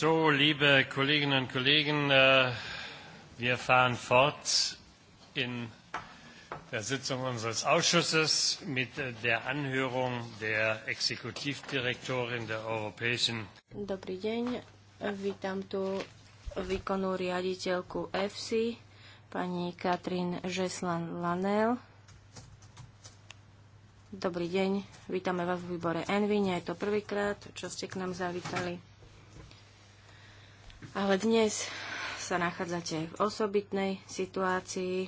So, liebe Kolleginnen und Kollegen, äh, wir fahren fort in der Sitzung unseres Ausschusses mit äh, der Anhörung der Exekutivdirektorin der Europäischen. Dobrý deň, vítam tu výkonnú riaditeľku EFSI, pani Katrin Žeslan-Lanel. Dobrý deň, vítame vás v výbore Envy, nie je to prvýkrát, čo ste k nám zavítali. Ale dnes sa nachádzate v osobitnej situácii.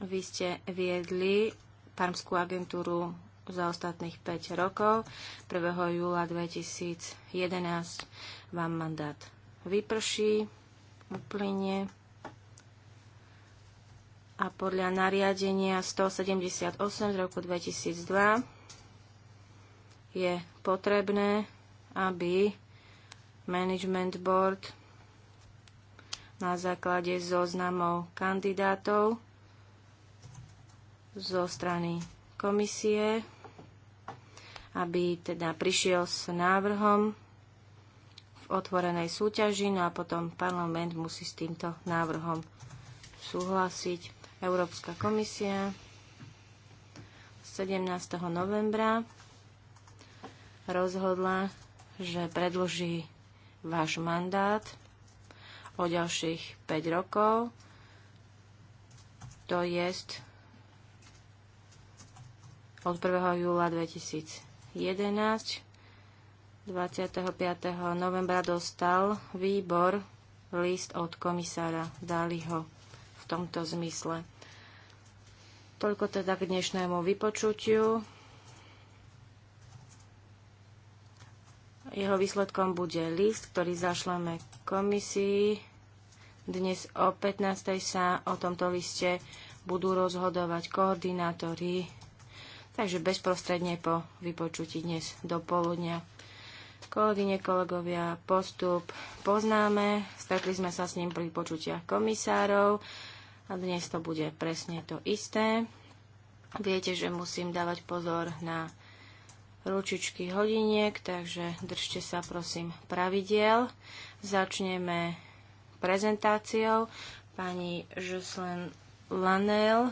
Vy ste viedli Parmskú agentúru za ostatných 5 rokov. 1. júla 2011 vám mandát vyprší, úplne. a podľa nariadenia 178 z roku 2002 je potrebné aby Management Board na základe zoznamov kandidátov zo strany komisie, aby teda prišiel s návrhom v otvorenej súťaži, no a potom parlament musí s týmto návrhom súhlasiť. Európska komisia 17. novembra rozhodla, že predlží váš mandát o ďalších 5 rokov, to je od 1. júla 2011. 25. novembra dostal výbor list od komisára Daliho v tomto zmysle. Toľko teda k dnešnému vypočutiu. Jeho výsledkom bude list, ktorý zašleme komisii. Dnes o 15. sa o tomto liste budú rozhodovať koordinátori, takže bezprostredne po vypočutí dnes do poludnia. Kolegyne, kolegovia, postup poznáme. Stretli sme sa s ním pri počutiach komisárov a dnes to bude presne to isté. Viete, že musím dávať pozor na ručičky hodiniek, takže držte sa prosím pravidiel. Začneme prezentáciou pani Jocelyn Lanel.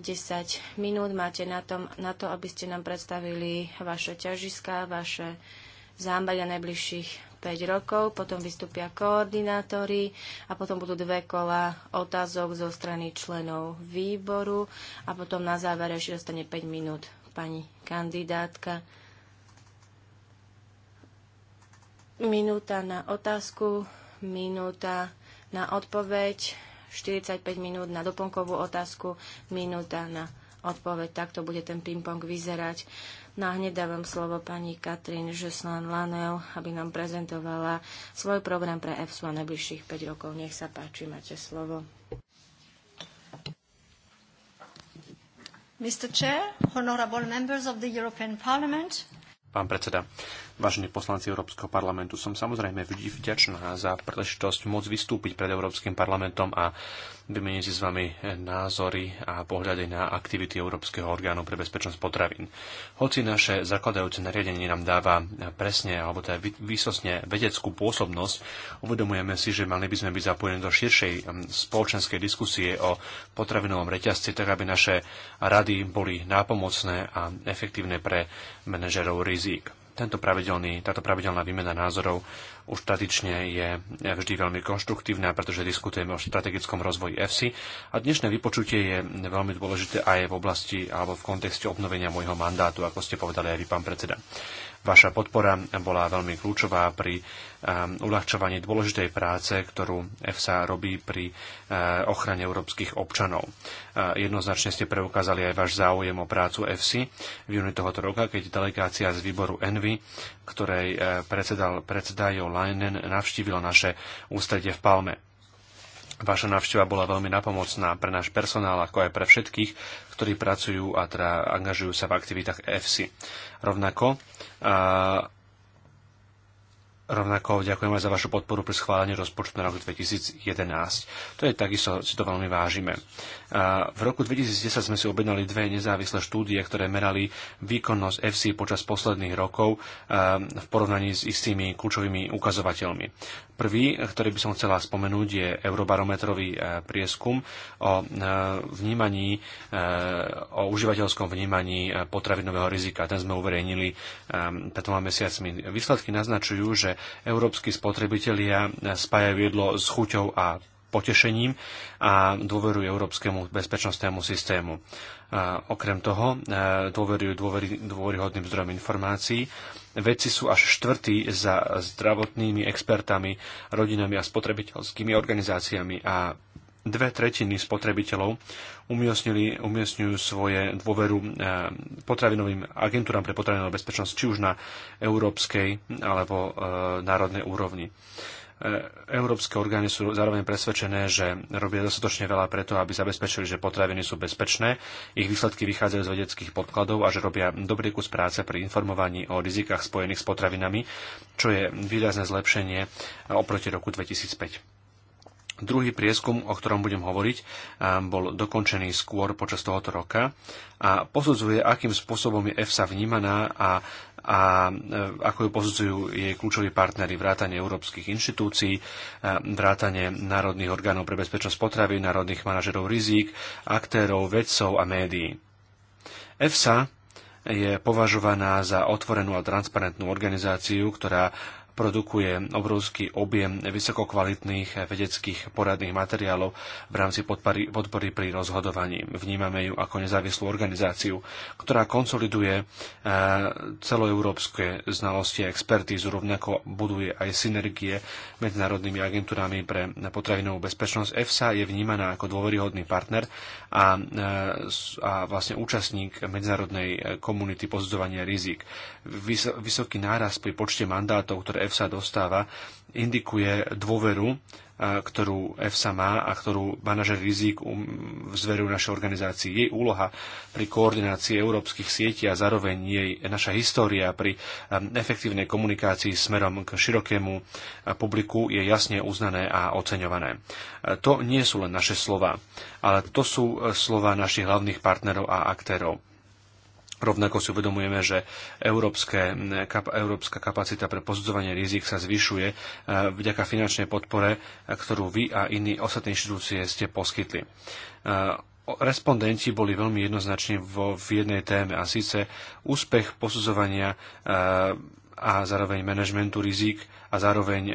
10 minút máte na, tom, na to, aby ste nám predstavili vaše ťažiska, vaše zámbaľa najbližších 5 rokov, potom vystúpia koordinátori a potom budú dve kola otázok zo strany členov výboru a potom na záver ešte dostane 5 minút pani kandidátka. Minúta na otázku, minúta na odpoveď, 45 minút na doplnkovú otázku, minúta na odpoveď. Takto bude ten ping-pong vyzerať. No a hneď dávam slovo pani Katrin Žeslan Lanel, aby nám prezentovala svoj program pre EFSU a najbližších 5 rokov. Nech sa páči, máte slovo. Mr. Chair, honorable members of the European Parliament. Pán predseda, vážení poslanci Európskeho parlamentu. Som samozrejme vďačná za príležitosť môcť vystúpiť pred Európskym parlamentom a vymeniť si s vami názory a pohľady na aktivity Európskeho orgánu pre bezpečnosť potravín. Hoci naše zakladajúce nariadenie nám dáva presne alebo teda výsostne vedeckú pôsobnosť, uvedomujeme si, že mali by sme byť zapojení do širšej spoločenskej diskusie o potravinovom reťazci, tak aby naše rady boli nápomocné a efektívne pre manažerov rizik. Tento pravidelný, táto pravidelná výmena názorov už tradične je vždy veľmi konštruktívna, pretože diskutujeme o strategickom rozvoji EFSI a dnešné vypočutie je veľmi dôležité aj v oblasti alebo v kontexte obnovenia môjho mandátu, ako ste povedali aj vy, pán predseda. Vaša podpora bola veľmi kľúčová pri eh, uľahčovaní dôležitej práce, ktorú EFSA robí pri eh, ochrane európskych občanov. Eh, jednoznačne ste preukázali aj váš záujem o prácu EFSI v júni tohoto roka, keď delegácia z výboru ENVY, ktorej predsedal predseda Jo Leinen, navštívila naše ústredie v Palme. Vaša návšteva bola veľmi napomocná pre náš personál, ako aj pre všetkých, ktorí pracujú a teda angažujú sa v aktivitách EFSI. Rovnako a Rovnako ďakujem aj za vašu podporu pri schválení rozpočtu na rok 2011. To je takisto, si to veľmi vážime. V roku 2010 sme si objednali dve nezávislé štúdie, ktoré merali výkonnosť FC počas posledných rokov v porovnaní s istými kľúčovými ukazovateľmi. Prvý, ktorý by som chcela spomenúť, je eurobarometrový e, prieskum o e, vnímaní, e, o užívateľskom vnímaní potravinového rizika. Ten sme uverejnili pred dvoma mesiacmi. Výsledky naznačujú, že európsky spotrebitelia spájajú jedlo s chuťou a potešením a dôverujú európskemu bezpečnostnému systému. A okrem toho dôverujú dôvery, dôveryhodným zdrojom informácií vedci sú až štvrtí za zdravotnými expertami, rodinami a spotrebiteľskými organizáciami a dve tretiny spotrebiteľov umiestňujú svoje dôveru eh, potravinovým agentúram pre potravinovú bezpečnosť, či už na európskej alebo eh, národnej úrovni. E, európske orgány sú zároveň presvedčené, že robia dostatočne veľa preto, aby zabezpečili, že potraviny sú bezpečné, ich výsledky vychádzajú z vedeckých podkladov a že robia dobrý kus práce pri informovaní o rizikách spojených s potravinami, čo je výrazné zlepšenie oproti roku 2005. Druhý prieskum, o ktorom budem hovoriť, e, bol dokončený skôr počas tohoto roka a posudzuje, akým spôsobom je EFSA vnímaná a, a e, ako ju posudzujú jej kľúčoví partnery vrátane európskych inštitúcií, e, vrátane národných orgánov pre bezpečnosť potravy, národných manažerov rizík, aktérov, vedcov a médií. EFSA je považovaná za otvorenú a transparentnú organizáciu, ktorá produkuje obrovský objem vysokokvalitných vedeckých poradných materiálov v rámci podpory, podpory pri rozhodovaní. Vnímame ju ako nezávislú organizáciu, ktorá konsoliduje e, celoeurópske znalosti a expertízu, rovnako buduje aj synergie medzinárodnými agentúrami pre potravinovú bezpečnosť. EFSA je vnímaná ako dôveryhodný partner a, e, a vlastne účastník medzinárodnej e, komunity posudzovania rizik. Vysoký náraz pri počte mandátov, ktoré EFSA dostáva, indikuje dôveru, ktorú EFSA má a ktorú manažer rizik um, zverujú našej organizácii. Jej úloha pri koordinácii európskych sietí a zároveň jej naša história pri um, efektívnej komunikácii smerom k širokému publiku je jasne uznané a oceňované. To nie sú len naše slova, ale to sú e, slova našich hlavných partnerov a aktérov. Rovnako si uvedomujeme, že európske, kap, európska kapacita pre posudzovanie rizik sa zvyšuje eh, vďaka finančnej podpore, eh, ktorú vy a iní ostatné inštitúcie ste poskytli eh, respondenti boli veľmi jednoznační vo, v jednej téme a síce úspech posudzovania a zároveň manažmentu rizik a zároveň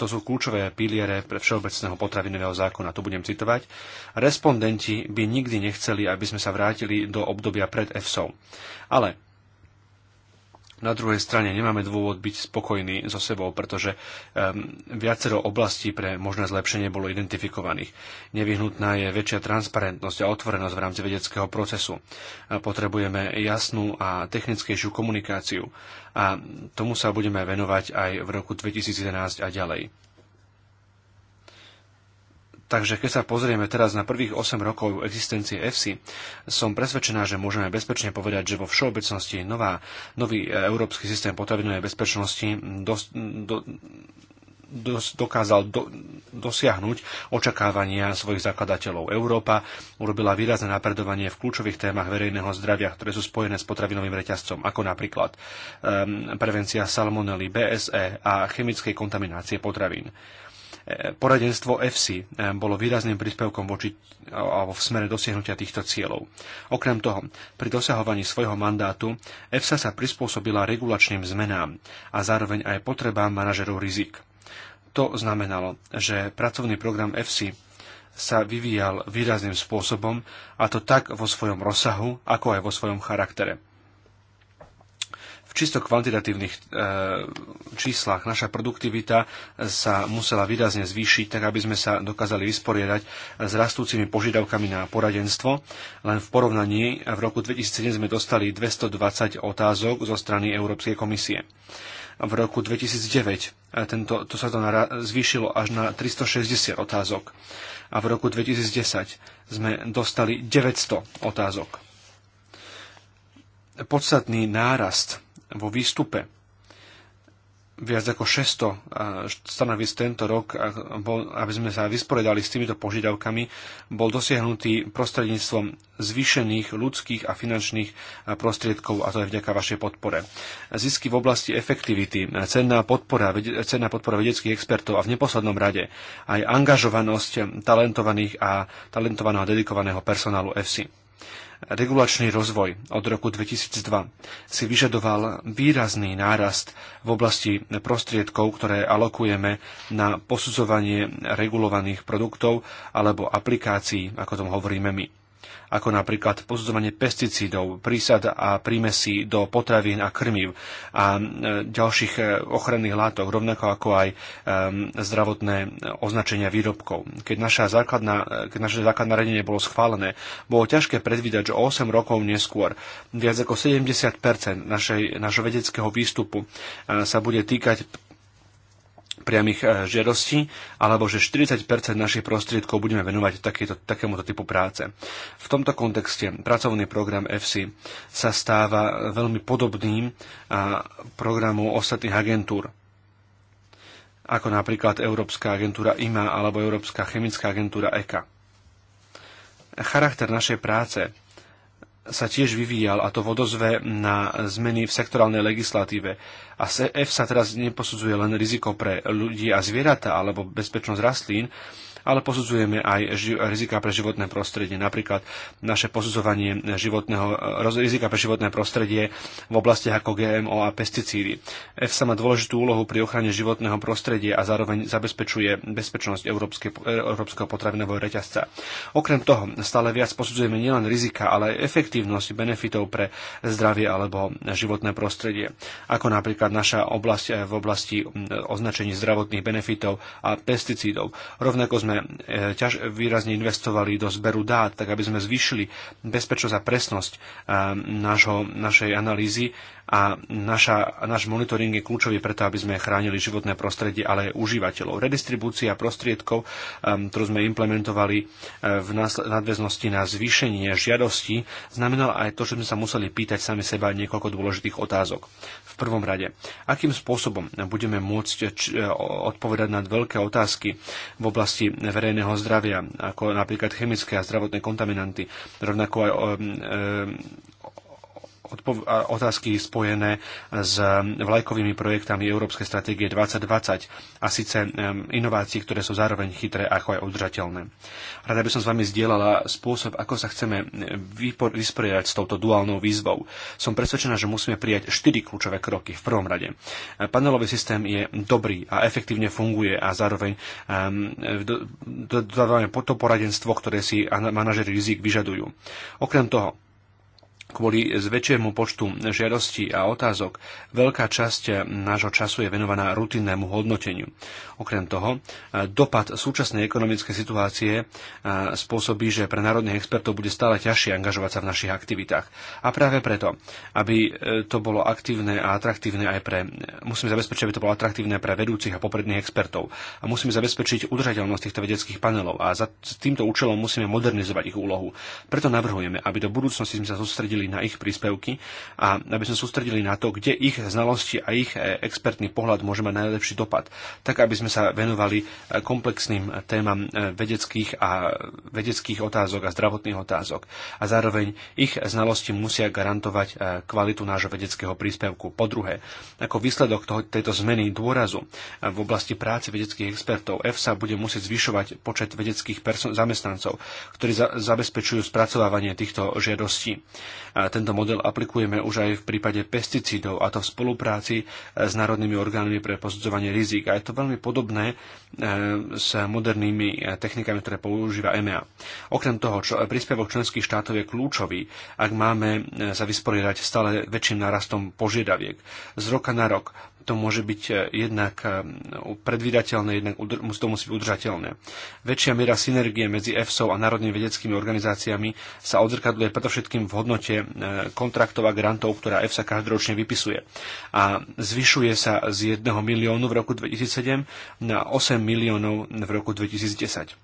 to sú kľúčové piliere pre všeobecného potravinového zákona, tu budem citovať, respondenti by nikdy nechceli, aby sme sa vrátili do obdobia pred EFSO. Ale na druhej strane nemáme dôvod byť spokojní so sebou, pretože um, viacero oblastí pre možné zlepšenie bolo identifikovaných. Nevyhnutná je väčšia transparentnosť a otvorenosť v rámci vedeckého procesu. Potrebujeme jasnú a technickejšiu komunikáciu a tomu sa budeme venovať aj v roku 2011 a ďalej. Takže keď sa pozrieme teraz na prvých 8 rokov existencie EFSI, som presvedčená, že môžeme bezpečne povedať, že vo všeobecnosti nová, nový e, európsky systém potravinovej bezpečnosti dos, do, dos, dokázal do, dosiahnuť očakávania svojich zakladateľov. Európa urobila výrazné napredovanie v kľúčových témach verejného zdravia, ktoré sú spojené s potravinovým reťazcom, ako napríklad um, prevencia salmonely, BSE a chemickej kontaminácie potravín. Poradenstvo EFSI eh, bolo výrazným príspevkom voči alebo v smere dosiahnutia týchto cieľov. Okrem toho, pri dosahovaní svojho mandátu EFSA sa prispôsobila regulačným zmenám a zároveň aj potrebám manažerov rizik. To znamenalo, že pracovný program EFSI sa vyvíjal výrazným spôsobom, a to tak vo svojom rozsahu, ako aj vo svojom charaktere v čisto kvantitatívnych e, číslach naša produktivita sa musela výrazne zvýšiť, tak aby sme sa dokázali vysporiadať s rastúcimi požiadavkami na poradenstvo. Len v porovnaní v roku 2007 sme dostali 220 otázok zo strany Európskej komisie v roku 2009. E, tento, to sa to nara- zvýšilo až na 360 otázok. A v roku 2010 sme dostali 900 otázok. Podstatný nárast vo výstupe. Viac ako 600 stanovisk tento rok, aby sme sa vysporiadali s týmito požiadavkami, bol dosiahnutý prostredníctvom zvýšených ľudských a finančných prostriedkov, a to je vďaka vašej podpore. Zisky v oblasti efektivity, cenná podpora, cenná podpora vedeckých expertov a v neposlednom rade aj angažovanosť talentovaných a talentovaného a dedikovaného personálu EFSI. Regulačný rozvoj od roku 2002 si vyžadoval výrazný nárast v oblasti prostriedkov, ktoré alokujeme na posudzovanie regulovaných produktov alebo aplikácií, ako tom hovoríme my ako napríklad posudzovanie pesticídov, prísad a prímesí do potravín a krmiv a e, ďalších e, ochranných látok, rovnako ako aj e, zdravotné označenia výrobkov. Keď, naša základná, keď naše základné radenie bolo schválené, bolo ťažké predvídať, že o 8 rokov neskôr viac ako 70 našej, našho vedeckého výstupu sa bude týkať priamých e, žiadostí, alebo že 40 našich prostriedkov budeme venovať takéto, takémuto typu práce. V tomto kontexte pracovný program FC sa stáva veľmi podobným e, programu ostatných agentúr ako napríklad Európska agentúra IMA alebo Európska chemická agentúra ECA. Charakter našej práce sa tiež vyvíjal, a to v odozve na zmeny v sektorálnej legislatíve. A sa teraz neposudzuje len riziko pre ľudí a zvieratá alebo bezpečnosť rastlín, ale posudzujeme aj rizika pre životné prostredie. Napríklad naše posudzovanie životného, eh, rizika pre životné prostredie v oblastiach ako GMO a pesticídy. EFSA má dôležitú úlohu pri ochrane životného prostredia a zároveň zabezpečuje bezpečnosť európske, eh, európskeho potravinového reťazca. Okrem toho stále viac posudzujeme nielen rizika, ale aj efektívnosť benefitov pre zdravie alebo životné prostredie, ako napríklad naša oblasť eh, v oblasti mm, označení zdravotných benefitov a pesticídov. Rovnako sme sme e, ťaž, výrazne investovali do zberu dát, tak aby sme zvýšili bezpečnosť a presnosť e, našho, našej analýzy a naša, náš monitoring je kľúčový preto, aby sme chránili životné prostredie, ale aj užívateľov. Redistribúcia prostriedkov, e, ktorú sme implementovali v nadväznosti na zvýšenie žiadosti, znamenala aj to, že sme sa museli pýtať sami seba niekoľko dôležitých otázok prvom rade, akým spôsobom budeme môcť e, e, odpovedať na veľké otázky v oblasti verejného zdravia, ako napríklad chemické a zdravotné kontaminanty, rovnako aj e, otázky spojené s vlajkovými projektami Európskej stratégie 2020 a síce inovácií, ktoré sú zároveň chytré ako aj udržateľné. Rada by som s vami zdieľala spôsob, ako sa chceme vysporiadať s touto duálnou výzvou. Som presvedčená, že musíme prijať štyri kľúčové kroky v prvom rade. E, panelový systém je dobrý a efektívne funguje a zároveň dodávame to poradenstvo, ktoré si manažeri rizik vyžadujú. Okrem toho, Kvôli zväčšiemu počtu žiadostí a otázok veľká časť nášho času je venovaná rutinnému hodnoteniu. Okrem toho, dopad súčasnej ekonomickej situácie spôsobí, že pre národných expertov bude stále ťažšie angažovať sa v našich aktivitách. A práve preto, aby e, to bolo aktívne a atraktívne aj pre... Musíme zabezpečiť, aby to bolo atraktívne pre vedúcich a popredných expertov. A musíme zabezpečiť udržateľnosť týchto vedeckých panelov. A za týmto účelom musíme modernizovať ich úlohu. Preto navrhujeme, aby do budúcnosti sme sa zostredili sústredili na ich príspevky a aby sme sústredili na to, kde ich znalosti a ich e, expertný pohľad môže mať najlepší dopad, tak aby sme sa venovali e, komplexným témam e, vedeckých, a, vedeckých otázok a zdravotných otázok. A zároveň ich znalosti musia garantovať kvalitu nášho vedeckého príspevku. Po druhé, ako výsledok toho, tejto zmeny dôrazu v oblasti práce vedeckých expertov EFSA bude musieť zvyšovať počet vedeckých zamestnancov, ktorí za- zabezpečujú spracovávanie týchto žiadostí. Tento model aplikujeme už aj v prípade pesticídov, a to v spolupráci e, s národnými orgánmi pre posudzovanie rizik. A je to veľmi podobné e, s modernými e, technikami, ktoré používa EMEA. Okrem toho, čo príspevok členských štátov je kľúčový, ak máme sa vysporiadať stále väčším nárastom požiadaviek. Z roka na rok to môže byť e, jednak e, predvydateľné, jednak to musí byť udržateľné. Väčšia miera synergie medzi EFSO a národnými vedeckými organizáciami sa odzrkadluje predovšetkým v hodnote e, kontraktov a grantov, ktorá EFSA každoročne vypisuje. A zvyšuje sa z 1 miliónu v roku 2007 na 8 miliónov v roku 2010.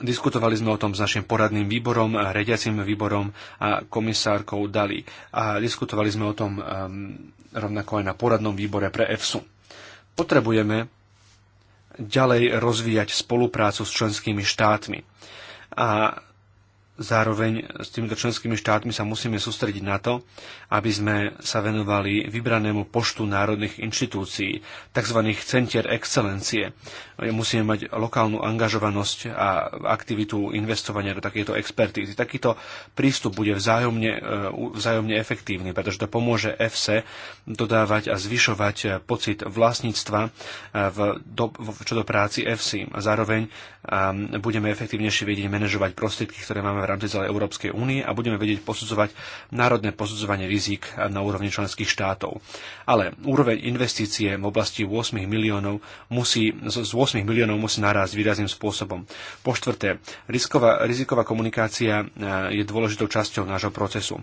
Diskutovali sme o tom s našim poradným výborom, riadiacim výborom a komisárkou Dali. A diskutovali sme o tom um, rovnako aj na poradnom výbore pre EFSU. Potrebujeme ďalej rozvíjať spoluprácu s členskými štátmi. A zároveň s týmito členskými štátmi sa musíme sústrediť na to, aby sme sa venovali vybranému poštu národných inštitúcií, tzv. centier excelencie, musíme mať lokálnu angažovanosť a aktivitu investovania do takéto expertízy. Takýto prístup bude vzájomne, e, vzájomne efektívny, pretože to pomôže EFSE dodávať a zvyšovať pocit vlastníctva e, v, do, v čo do práci EFSI. A zároveň budeme efektívnejšie vedieť manažovať prostriedky, ktoré máme v rámci celej Európskej únie a budeme vedieť posudzovať národné posudzovanie rizik na úrovni členských štátov. Ale úroveň investície v oblasti 8 miliónov musí z 8 8 miliónov musí narásť výrazným spôsobom. Po štvrté, risková, riziková komunikácia e, je dôležitou časťou nášho procesu. E,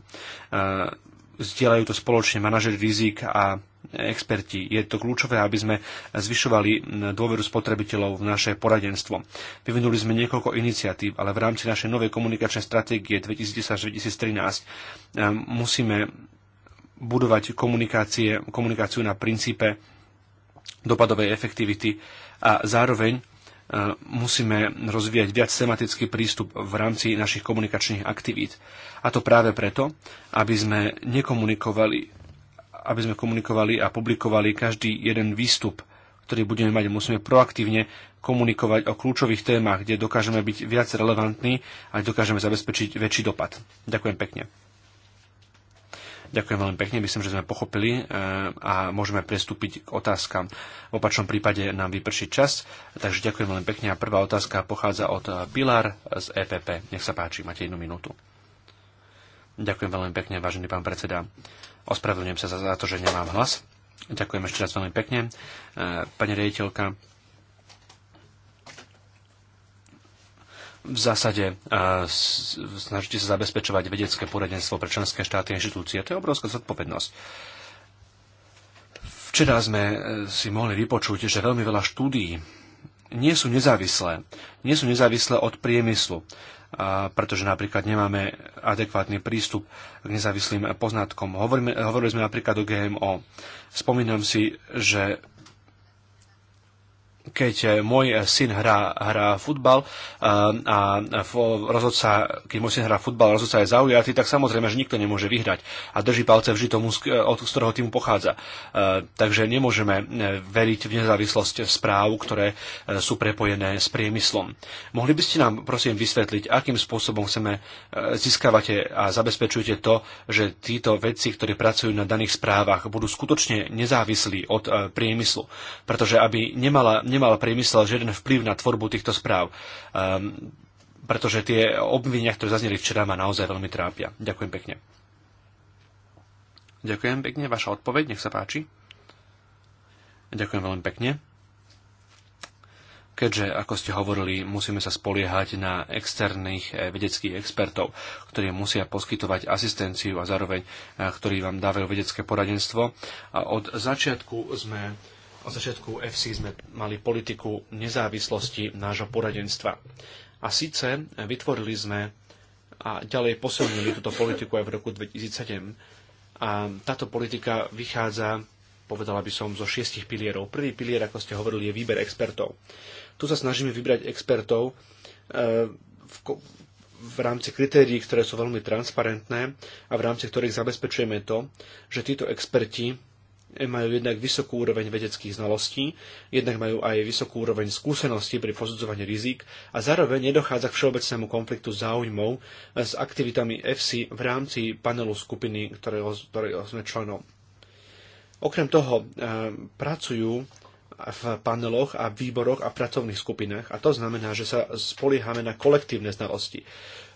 zdieľajú to spoločne manažer rizik a experti. Je to kľúčové, aby sme zvyšovali dôveru spotrebiteľov v naše poradenstvo. Vyvinuli sme niekoľko iniciatív, ale v rámci našej novej komunikačnej stratégie 2010-2013 e, musíme budovať komunikáciu na princípe dopadovej efektivity a zároveň e, musíme rozvíjať viac tematický prístup v rámci našich komunikačných aktivít. A to práve preto, aby sme nekomunikovali, aby sme komunikovali a publikovali každý jeden výstup, ktorý budeme mať. Musíme proaktívne komunikovať o kľúčových témach, kde dokážeme byť viac relevantní a dokážeme zabezpečiť väčší dopad. Ďakujem pekne. Ďakujem veľmi pekne, myslím, že sme pochopili e, a môžeme prestúpiť k otázkam. V opačnom prípade nám vyprší čas, takže ďakujem veľmi pekne a prvá otázka pochádza od e, Pilar z EPP. Nech sa páči, máte jednu minútu. Ďakujem veľmi pekne, vážený pán predseda. Ospravedlňujem sa za to, že nemám hlas. Ďakujem ešte raz veľmi pekne. E, pani riaditeľka, v zásade e, snažíte sa zabezpečovať vedecké poradenstvo pre členské štáty a inštitúcie. To je obrovská zodpovednosť. Včera sme e, si mohli vypočuť, že veľmi veľa štúdií nie sú nezávislé. Nie sú nezávislé od priemyslu, pretože napríklad nemáme adekvátny prístup k nezávislým poznatkom. hovorili sme napríklad o GMO. Spomínam si, že keď e, môj e, syn hrá, hrá futbal e, a rozhodca, keď môj syn hrá futbal a rozhodca je zaujatý, tak samozrejme, že nikto nemôže vyhrať a drží palce vždy tomu, od ktorého týmu pochádza. Takže nemôžeme veriť v nezávislosť správ, ktoré sú prepojené s priemyslom. Mohli by ste nám prosím vysvetliť, akým spôsobom chceme získavate a zabezpečujete to, že títo vedci, ktorí pracujú na daných správach, budú skutočne nezávislí od priemyslu. Pretože aby nemala, nemala nemal priemysel žiaden vplyv na tvorbu týchto správ. Um, pretože tie obvinenia, ktoré zazneli včera, ma naozaj veľmi trápia. Ďakujem pekne. Ďakujem pekne. Vaša odpoveď, nech sa páči. Ďakujem veľmi pekne. Keďže, ako ste hovorili, musíme sa spoliehať na externých eh, vedeckých expertov, ktorí musia poskytovať asistenciu a zároveň eh, ktorí vám dávajú vedecké poradenstvo. A od začiatku sme od začiatku FC sme mali politiku nezávislosti nášho poradenstva. A síce vytvorili sme a ďalej posilnili túto politiku aj v roku 2007. A táto politika vychádza, povedala by som, zo šiestich pilierov. Prvý pilier, ako ste hovorili, je výber expertov. Tu sa snažíme vybrať expertov e, v, v rámci kritérií, ktoré sú veľmi transparentné a v rámci ktorých zabezpečujeme to, že títo experti majú jednak vysokú úroveň vedeckých znalostí, jednak majú aj vysokú úroveň skúseností pri posudzovaní rizik a zároveň nedochádza k všeobecnému konfliktu záujmov eh, s aktivitami FC v rámci panelu skupiny, ktorého, ktorého sme členom. Okrem toho eh, pracujú v paneloch a výboroch a pracovných skupinách a to znamená, že sa spoliehame na kolektívne znalosti.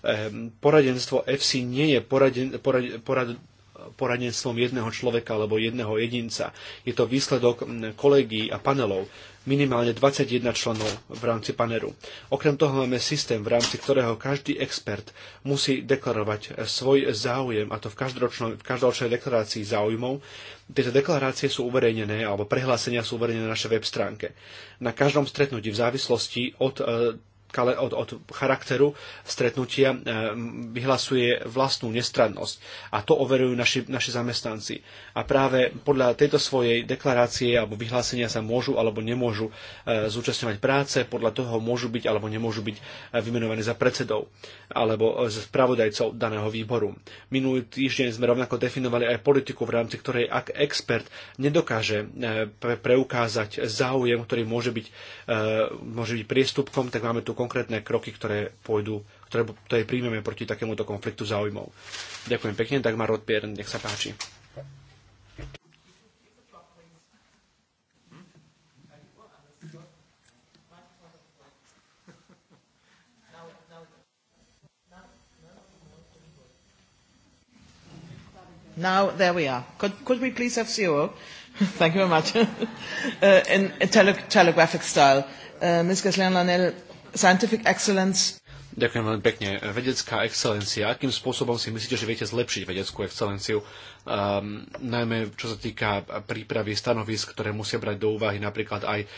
Ehm, poradenstvo FC nie je poraden, porad, porad, poradenstvom jedného človeka alebo jedného jedinca. Je to výsledok kolegií a panelov, minimálne 21 členov v rámci panelu. Okrem toho máme systém, v rámci ktorého každý expert musí deklarovať e, svoj záujem, a to v, v každoročnej deklarácii záujmov. Tieto deklarácie sú uverejnené, alebo prehlásenia sú uverejnené na našej web stránke. Na každom stretnutí v závislosti od e, od, od charakteru stretnutia e, vyhlasuje vlastnú nestrannosť. A to overujú naši, naši zamestnanci. A práve podľa tejto svojej deklarácie alebo vyhlásenia sa môžu alebo nemôžu e, zúčastňovať práce, podľa toho môžu byť alebo nemôžu byť e, vymenovaní za predsedov alebo spravodajcov daného výboru. Minulý týždeň sme rovnako definovali aj politiku, v rámci ktorej ak expert nedokáže preukázať záujem, ktorý môže byť, môže byť priestupkom, tak máme tu konkrétne kroky, ktoré pôjdu, ktoré, ktoré príjmeme proti takémuto konfliktu záujmov. Ďakujem pekne, tak Dagmar Rodpier, nech sa páči. Now, there we are. Could, could we please have zero? Thank you very much. uh, in a tele telegraphic style. Uh, Ms. Ghislaine Lanel scientific excellence Ďakujem veľmi pekne. Vedecká excelencia. Akým spôsobom si myslíte, že viete zlepšiť vedeckú excelenciu? Um, najmä čo sa týka prípravy stanovisk, ktoré musia brať do úvahy napríklad aj uh,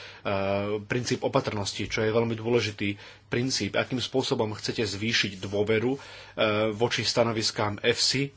princíp opatrnosti, čo je veľmi dôležitý princíp. Akým spôsobom chcete zvýšiť dôveru uh, voči stanoviskám FC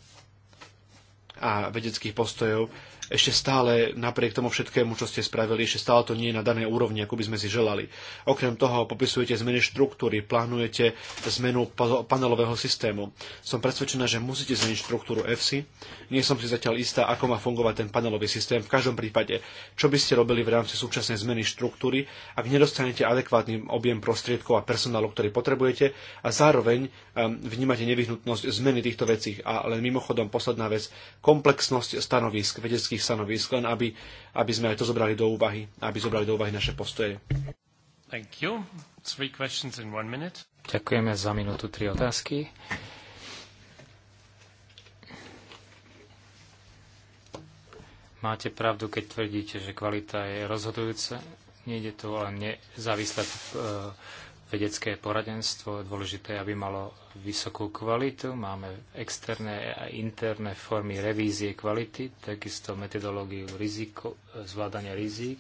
a vedeckých postojov uh, ešte stále napriek tomu všetkému, čo ste spravili, ešte stále to nie je na danej úrovni, ako by sme si želali. Okrem toho popisujete zmeny štruktúry, plánujete zmenu panelového systému. Som presvedčená, že musíte zmeniť štruktúru FC. Nie som si zatiaľ istá, ako má fungovať ten panelový systém. V každom prípade, čo by ste robili v rámci súčasnej zmeny štruktúry, ak nedostanete adekvátny objem prostriedkov a personálu, ktorý potrebujete a zároveň ehm, vnímate nevyhnutnosť zmeny týchto vecí. A len mimochodom posledná vec, komplexnosť stanovisk vedeckých tých stanovisk, len aby, aby sme aj to zobrali do úvahy, aby zobrali do úvahy naše postoje. Thank you. Three questions in one minute. Ďakujeme za minútu tri otázky. Máte pravdu, keď tvrdíte, že kvalita je rozhodujúca. Nejde to len nezávislé vedecké poradenstvo je dôležité, aby malo vysokú kvalitu. Máme externé a interné formy revízie kvality, takisto metodológiu riziko, zvládania rizík.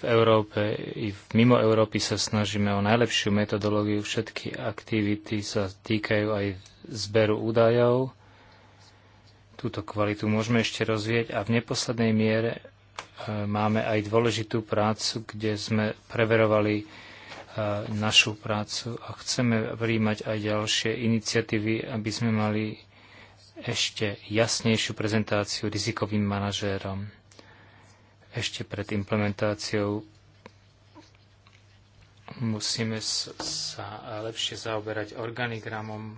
V Európe i mimo Európy sa snažíme o najlepšiu metodológiu. Všetky aktivity sa týkajú aj zberu údajov. Túto kvalitu môžeme ešte rozvieť a v neposlednej miere e, máme aj dôležitú prácu, kde sme preverovali našu prácu a chceme príjmať aj ďalšie iniciatívy, aby sme mali ešte jasnejšiu prezentáciu rizikovým manažérom ešte pred implementáciou musíme sa lepšie zaoberať organigramom.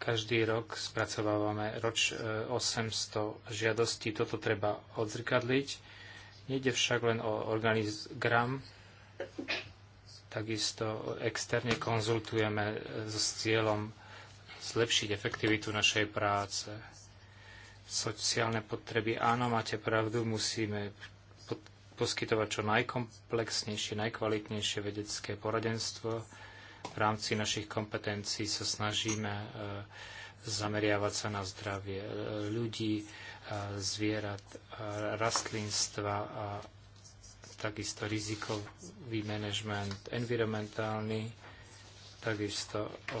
Každý rok spracovávame roč 800 e, žiadostí, toto treba odzrkadliť Nejde však len o organizgram, takisto externe konzultujeme s cieľom zlepšiť efektivitu našej práce. Sociálne potreby, áno, máte pravdu, musíme poskytovať čo najkomplexnejšie, najkvalitnejšie vedecké poradenstvo. V rámci našich kompetencií sa snažíme e, zameriavať sa na zdravie e, ľudí, zvierat, rastlinstva a takisto rizikový manažment environmentálny, takisto o, o,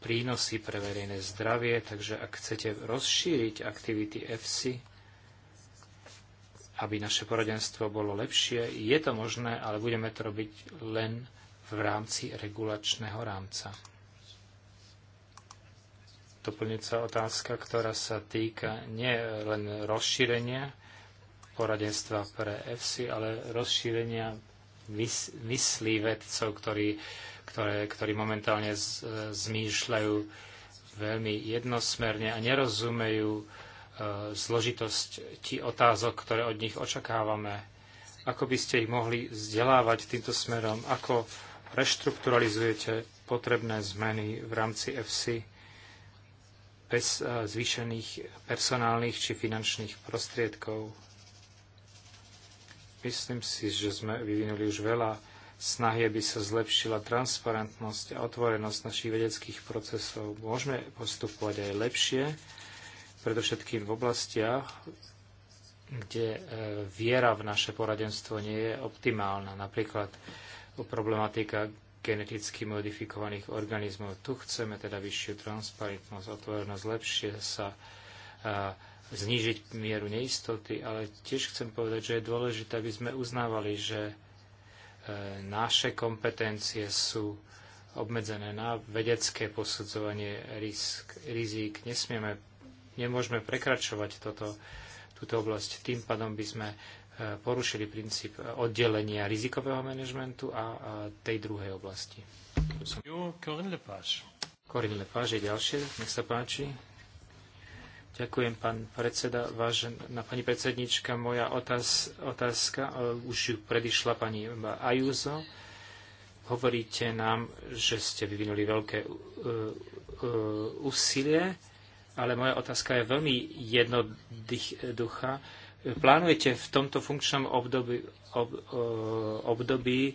prínosy pre verejné zdravie, takže ak chcete rozšíriť aktivity EFSI, aby naše poradenstvo bolo lepšie, je to možné, ale budeme to robiť len v rámci regulačného rámca doplňujúca otázka, ktorá sa týka nie len rozšírenia poradenstva pre EFSI, ale rozšírenia mys- myslí vedcov, ktorí, ktoré, ktorí momentálne z, zmýšľajú veľmi jednosmerne a nerozumejú e, zložitosť tí otázok, ktoré od nich očakávame. Ako by ste ich mohli vzdelávať týmto smerom? Ako reštrukturalizujete potrebné zmeny v rámci EFSI? bez eh, zvýšených personálnych či finančných prostriedkov. Myslím si, že sme vyvinuli už veľa snahy, aby sa zlepšila transparentnosť a otvorenosť našich vedeckých procesov. Môžeme postupovať aj lepšie, predovšetkým v oblastiach, kde eh, viera v naše poradenstvo nie je optimálna. Napríklad problematika geneticky modifikovaných organizmov. Tu chceme teda vyššiu transparentnosť, otvorenosť, lepšie sa a, znížiť mieru neistoty, ale tiež chcem povedať, že je dôležité, aby sme uznávali, že e, naše kompetencie sú obmedzené na vedecké posudzovanie risk, rizík. Nesmieme, nemôžeme prekračovať toto, túto oblasť. Tým pádom by sme porušili princíp oddelenia rizikového manažmentu a tej druhej oblasti. Corinne Lepage. Corinne Lepage je ďalšie, nech sa páči. Ďakujem, pán predseda. Vážená pani predsednička, moja otáz, otázka, e, už ju predišla pani Ajuzo. Hovoríte nám, že ste vyvinuli veľké e, e, úsilie, uh, uh, ale moja otázka je veľmi jednoduchá plánujete v tomto funkčnom období, ob, eh, období eh,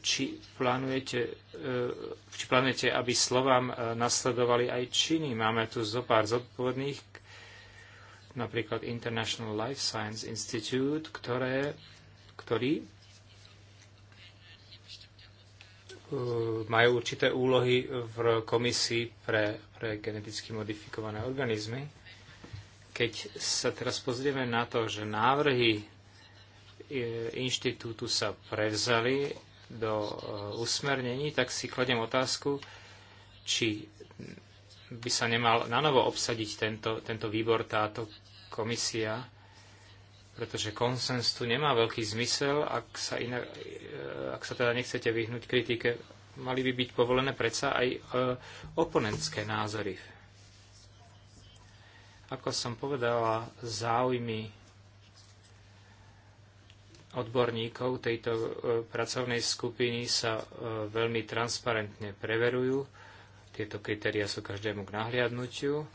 či plánujete, eh, či plánujete, aby slovám nasledovali aj činy. Máme tu zo pár zodpovedných, napríklad International Life Science Institute, ktoré, ktorý majú určité úlohy v komisii pre, pre geneticky modifikované organizmy. Keď sa teraz pozrieme na to, že návrhy e, inštitútu sa prevzali do e, usmernení, tak si kladem otázku, či by sa nemal nanovo obsadiť tento, tento výbor, táto komisia, pretože konsens tu nemá veľký zmysel, ak sa, iná, e, ak sa teda nechcete vyhnúť kritike, mali by byť povolené predsa aj oponentské názory. Ako som povedala, záujmy odborníkov tejto e, pracovnej skupiny sa e, veľmi transparentne preverujú. Tieto kritéria sú každému k nahliadnutiu.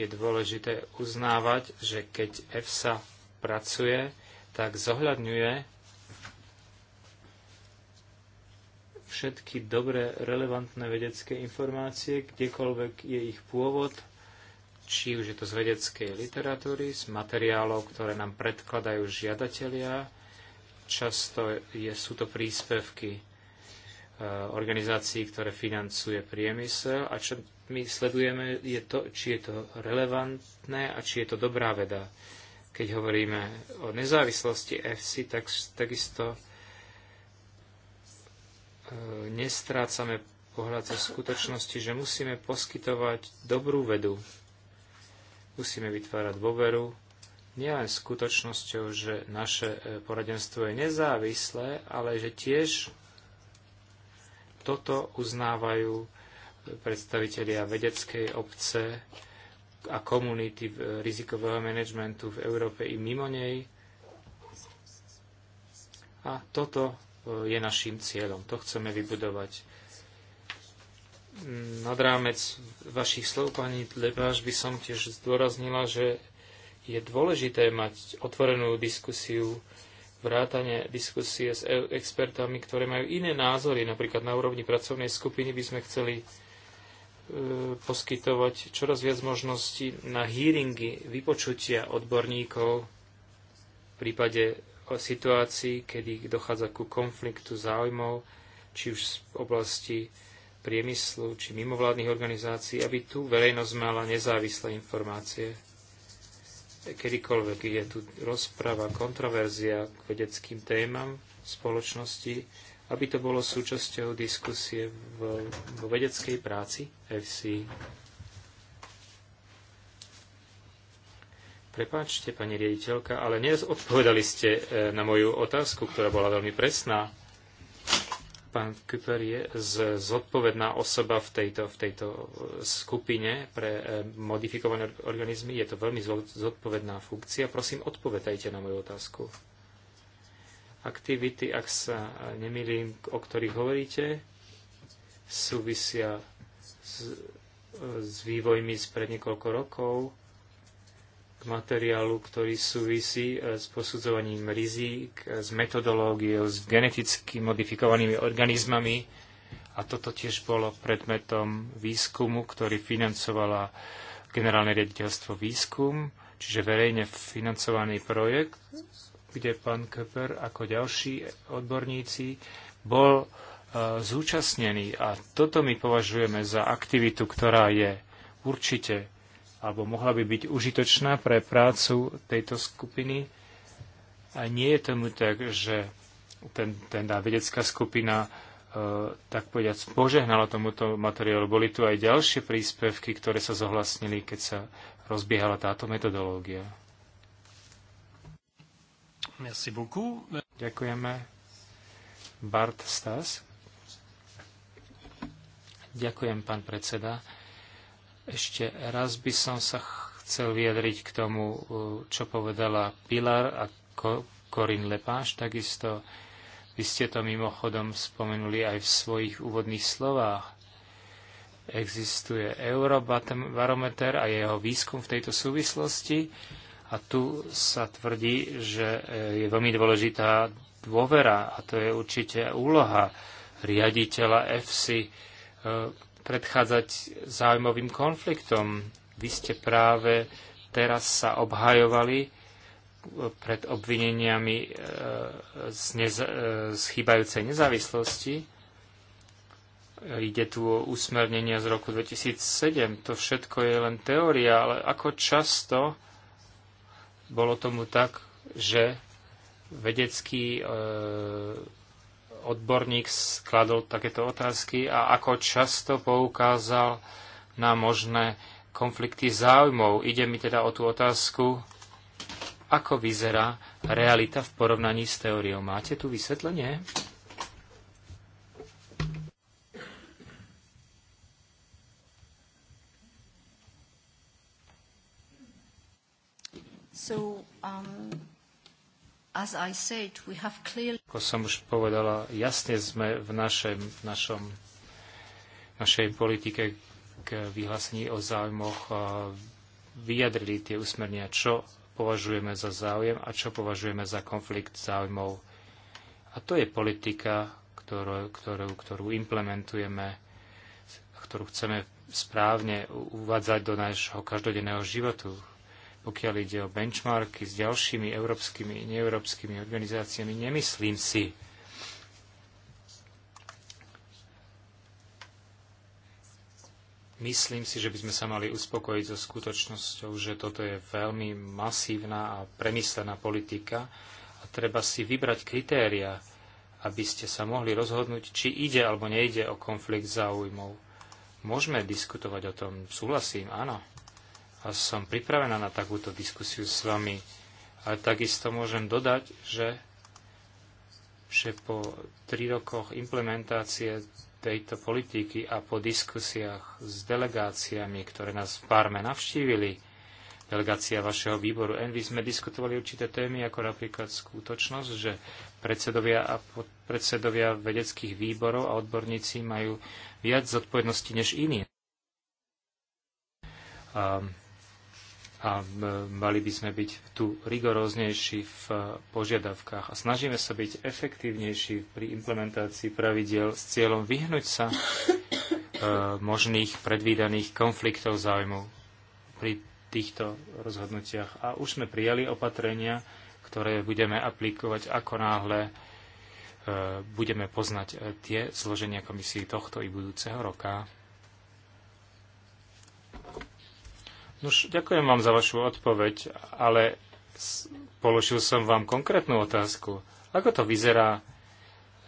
Je dôležité uznávať, že keď EFSA pracuje, tak zohľadňuje všetky dobré, relevantné vedecké informácie, kdekoľvek je ich pôvod – či už je to z vedeckej literatúry, z materiálov, ktoré nám predkladajú žiadatelia. Často je, sú to príspevky e, organizácií, ktoré financuje priemysel a čo my sledujeme je to, či je to relevantné a či je to dobrá veda. Keď hovoríme o nezávislosti FC, tak takisto e, nestrácame pohľad zo skutočnosti, že musíme poskytovať dobrú vedu Musíme vytvárať dôveru nielen skutočnosťou, že naše e, poradenstvo je nezávislé, ale že tiež toto uznávajú e, predstavitelia vedeckej obce a komunity e, rizikového manažmentu v Európe i mimo nej. A toto je našim cieľom. To chceme vybudovať nad rámec vašich slov, pani Lebáš, by som tiež zdôraznila, že je dôležité mať otvorenú diskusiu, vrátane diskusie s e- expertami, ktoré majú iné názory. Napríklad na úrovni pracovnej skupiny by sme chceli e, poskytovať čoraz viac možností na hearingy, vypočutia odborníkov v prípade situácií, kedy dochádza ku konfliktu záujmov, či už z oblasti priemyslu či mimovládnych organizácií, aby tu verejnosť mala nezávislé informácie. Kedykoľvek je tu rozprava, kontroverzia k vedeckým témam v spoločnosti, aby to bolo súčasťou diskusie vo vedeckej práci FC. Prepáčte, pani riaditeľka, ale neodpovedali ste eh, na moju otázku, ktorá bola veľmi presná. Pán Kuper je zodpovedná osoba v tejto, v tejto e, skupine pre e, modifikované organizmy. Je to veľmi zodpovedná funkcia. Prosím, odpovedajte na moju otázku. Aktivity, ak sa e, nemýlim, o ktorých hovoríte, súvisia s, s vývojmi spred niekoľko rokov k materiálu, ktorý súvisí e, s posudzovaním rizík, e, s metodológiou, s geneticky modifikovanými organizmami. A toto tiež bolo predmetom výskumu, ktorý financovala generálne riaditeľstvo výskum, čiže verejne financovaný projekt, kde pán Köper ako ďalší odborníci bol e, zúčastnený. A toto my považujeme za aktivitu, ktorá je určite alebo mohla by byť užitočná pre prácu tejto skupiny. A nie je tomu tak, že ten, ten tá vedecká skupina e, tak povedať požehnala tomuto materiálu. Boli tu aj ďalšie príspevky, ktoré sa zohlasnili, keď sa rozbiehala táto metodológia. Merci beaucoup. Ďakujeme. Bart Stas. Ďakujem, pán predseda. Ešte raz by som sa chcel vyjadriť k tomu, e, čo povedala Pilar a Korin Lepáš. Takisto vy ste to mimochodom spomenuli aj v svojich úvodných slovách. Existuje Eurobarometer a jeho výskum v tejto súvislosti a tu sa tvrdí, že e, je veľmi dôležitá dôvera a to je určite úloha riaditeľa EFSI predchádzať záujmovým konfliktom. Vy ste práve teraz sa obhajovali pred obvineniami e, z, nez- e, z chýbajúcej nezávislosti. Ide tu o usmernenia z roku 2007. To všetko je len teória, ale ako často bolo tomu tak, že vedecký e, odborník skladol takéto otázky a ako často poukázal na možné konflikty záujmov. Ide mi teda o tú otázku, ako vyzerá realita v porovnaní s teóriou. Máte tu vysvetlenie? So, um, Said, Ako som už povedala, jasne sme v našem, našom, našej politike k vyhlásení o záujmoch vyjadrili tie usmernia, čo považujeme za záujem a čo považujeme za konflikt záujmov. A to je politika, ktorú, ktorú, ktorú implementujeme, ktorú chceme správne uvádzať do nášho každodenného životu pokiaľ ide o benchmarky s ďalšími európskymi i neeurópskymi organizáciami, nemyslím si, Myslím si, že by sme sa mali uspokojiť so skutočnosťou, že toto je veľmi masívna a premyslená politika a treba si vybrať kritéria, aby ste sa mohli rozhodnúť, či ide alebo nejde o konflikt záujmov. Môžeme diskutovať o tom, súhlasím, áno a som pripravená na takúto diskusiu s vami. Ale takisto môžem dodať, že, že po tri rokoch implementácie tejto politiky a po diskusiách s delegáciami, ktoré nás v Parme navštívili, delegácia vašeho výboru Envy, sme diskutovali určité témy, ako napríklad skutočnosť, že predsedovia a podpredsedovia vedeckých výborov a odborníci majú viac zodpovednosti než iní. Um, a mali by sme byť tu rigoróznejší v eh, požiadavkách a snažíme sa byť efektívnejší pri implementácii pravidiel s cieľom vyhnúť sa eh, možných predvídaných konfliktov záujmov pri týchto rozhodnutiach. A už sme prijali opatrenia, ktoré budeme aplikovať ako náhle eh, budeme poznať tie zloženia komisí tohto i budúceho roka. Nož, ďakujem vám za vašu odpoveď, ale položil som vám konkrétnu otázku. Ako to vyzerá e,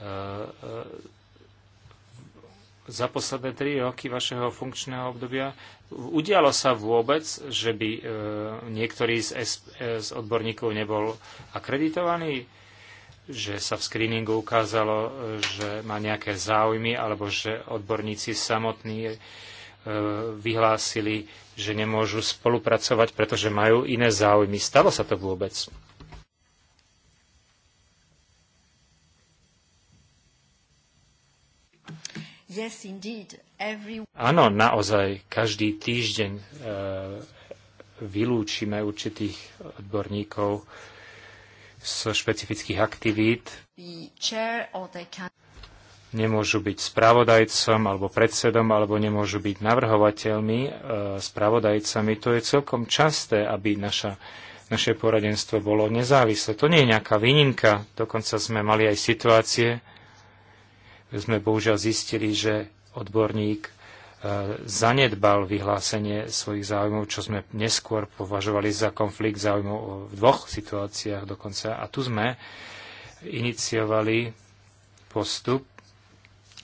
e, za posledné tri roky vašeho funkčného obdobia? Udialo sa vôbec, že by e, niektorý z, S, e, z odborníkov nebol akreditovaný? že sa v screeningu ukázalo, e, že má nejaké záujmy, alebo že odborníci samotní vyhlásili, že nemôžu spolupracovať, pretože majú iné záujmy. Stalo sa to vôbec? Yes, Every... Áno, naozaj, každý týždeň e, vylúčime určitých odborníkov zo so špecifických aktivít. Can nemôžu byť spravodajcom alebo predsedom, alebo nemôžu byť navrhovateľmi, e, spravodajcami. To je celkom časté, aby naša, naše poradenstvo bolo nezávislé. To nie je nejaká výnimka. Dokonca sme mali aj situácie, sme bohužiaľ zistili, že odborník e, zanedbal vyhlásenie svojich záujmov, čo sme neskôr považovali za konflikt záujmov v dvoch situáciách dokonca. A tu sme iniciovali postup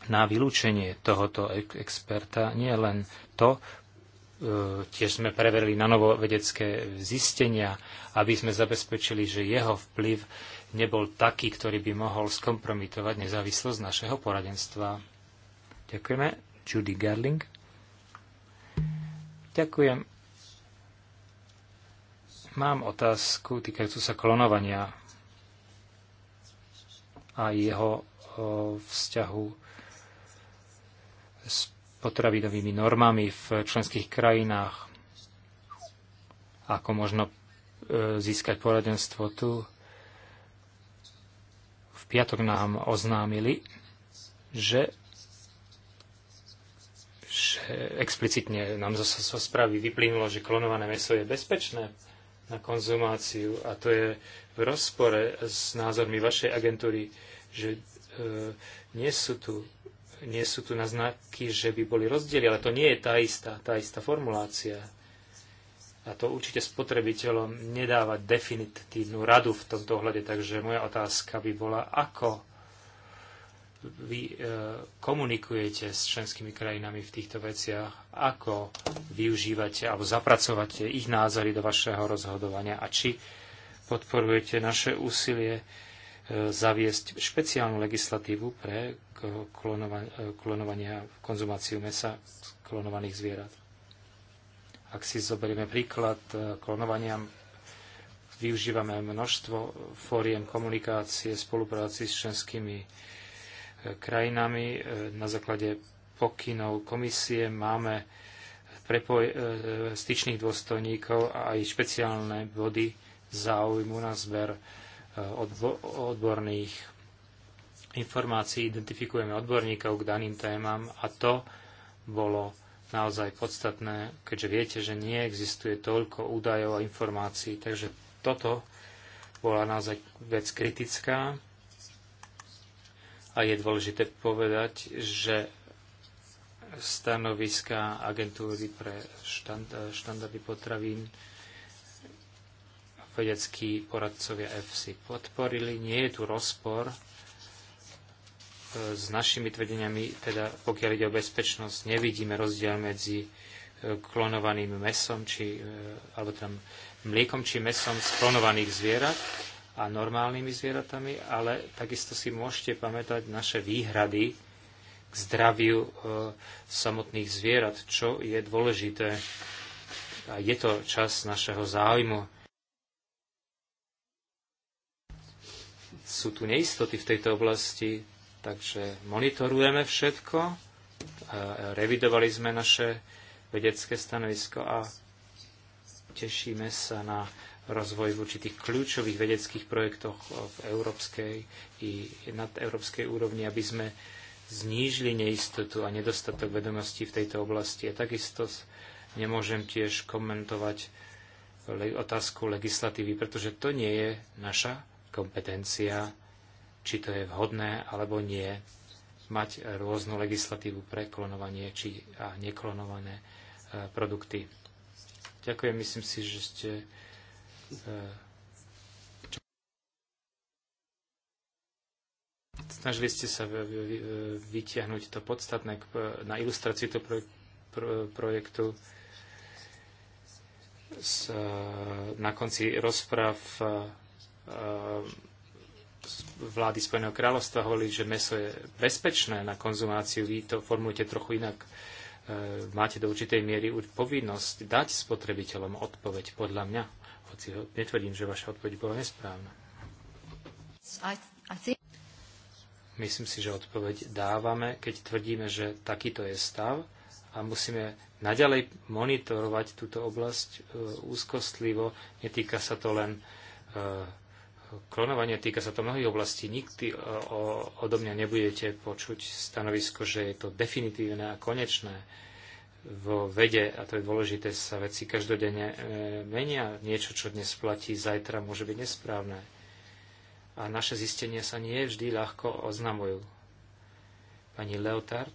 na vylúčenie tohoto experta. Nie len to, e, tiež sme preverili na novo vedecké zistenia, aby sme zabezpečili, že jeho vplyv nebol taký, ktorý by mohol skompromitovať nezávislosť našeho poradenstva. Ďakujeme. Judy Garling. Ďakujem. Mám otázku týkajúcu sa klonovania a jeho vzťahu s potravinovými normami v členských krajinách, ako možno e, získať poradenstvo tu. V piatok nám oznámili, že, že explicitne nám zo, so správy vyplynulo, že klonované meso je bezpečné na konzumáciu a to je v rozpore s názormi vašej agentúry, že e, nie sú tu nie sú tu naznaky, že by boli rozdiely, ale to nie je tá istá, tá istá formulácia. A to určite spotrebiteľom nedáva definitívnu radu v tomto ohľade, takže moja otázka by bola, ako vy e, komunikujete s členskými krajinami v týchto veciach, ako využívate alebo zapracovate ich názory do vašeho rozhodovania a či podporujete naše úsilie zaviesť špeciálnu legislatívu pre klonovania, konzumáciu mesa klonovaných zvierat. Ak si zoberieme príklad e, klonovania, využívame množstvo fóriem komunikácie, spolupráci s členskými e, krajinami. E, na základe pokynov komisie máme prepoj, styčných dôstojníkov a aj špeciálne body záujmu na zber odborných informácií, identifikujeme odborníkov k daným témam a to bolo naozaj podstatné, keďže viete, že neexistuje toľko údajov a informácií. Takže toto bola naozaj vec kritická a je dôležité povedať, že stanoviska agentúry pre štandardy potravín vedeckí poradcovia EFSI podporili. Nie je tu rozpor e, s našimi tvrdeniami, teda pokiaľ ide o bezpečnosť, nevidíme rozdiel medzi e, klonovaným mesom, či, e, alebo tam mliekom či mesom z klonovaných zvierat a normálnymi zvieratami, ale takisto si môžete pamätať naše výhrady k zdraviu e, samotných zvierat, čo je dôležité. A je to čas našeho záujmu. sú tu neistoty v tejto oblasti, takže monitorujeme všetko, revidovali sme naše vedecké stanovisko a tešíme sa na rozvoj v určitých kľúčových vedeckých projektoch v európskej i európskej úrovni, aby sme znížili neistotu a nedostatok vedomostí v tejto oblasti. A takisto nemôžem tiež komentovať otázku legislatívy, pretože to nie je naša kompetencia, či to je vhodné alebo nie, mať rôznu legislatívu pre klonovanie či a neklonované e, produkty. Ďakujem, myslím si, že ste e, snažili ste sa vytiahnuť to podstatné na ilustráciu toho projektu. E, na konci rozpráv Ehm, vlády Spojeného kráľovstva hovorili, že meso je bezpečné na konzumáciu. Vy to formujete trochu inak. Ehm, máte do určitej miery povinnosť dať spotrebiteľom odpoveď, podľa mňa. Hoci netvrdím, že vaša odpoveď bola nesprávna. Myslím si, že odpoveď dávame, keď tvrdíme, že takýto je stav a musíme naďalej monitorovať túto oblasť e, úzkostlivo. Netýka sa to len e, klonovanie, týka sa to mnohých oblastí. Nikdy e, odo mňa nebudete počuť stanovisko, že je to definitívne a konečné. Vo vede, a to je dôležité, sa veci každodenne e, menia. Niečo, čo dnes platí, zajtra môže byť nesprávne. A naše zistenia sa nie vždy ľahko oznamujú. Pani Leotard?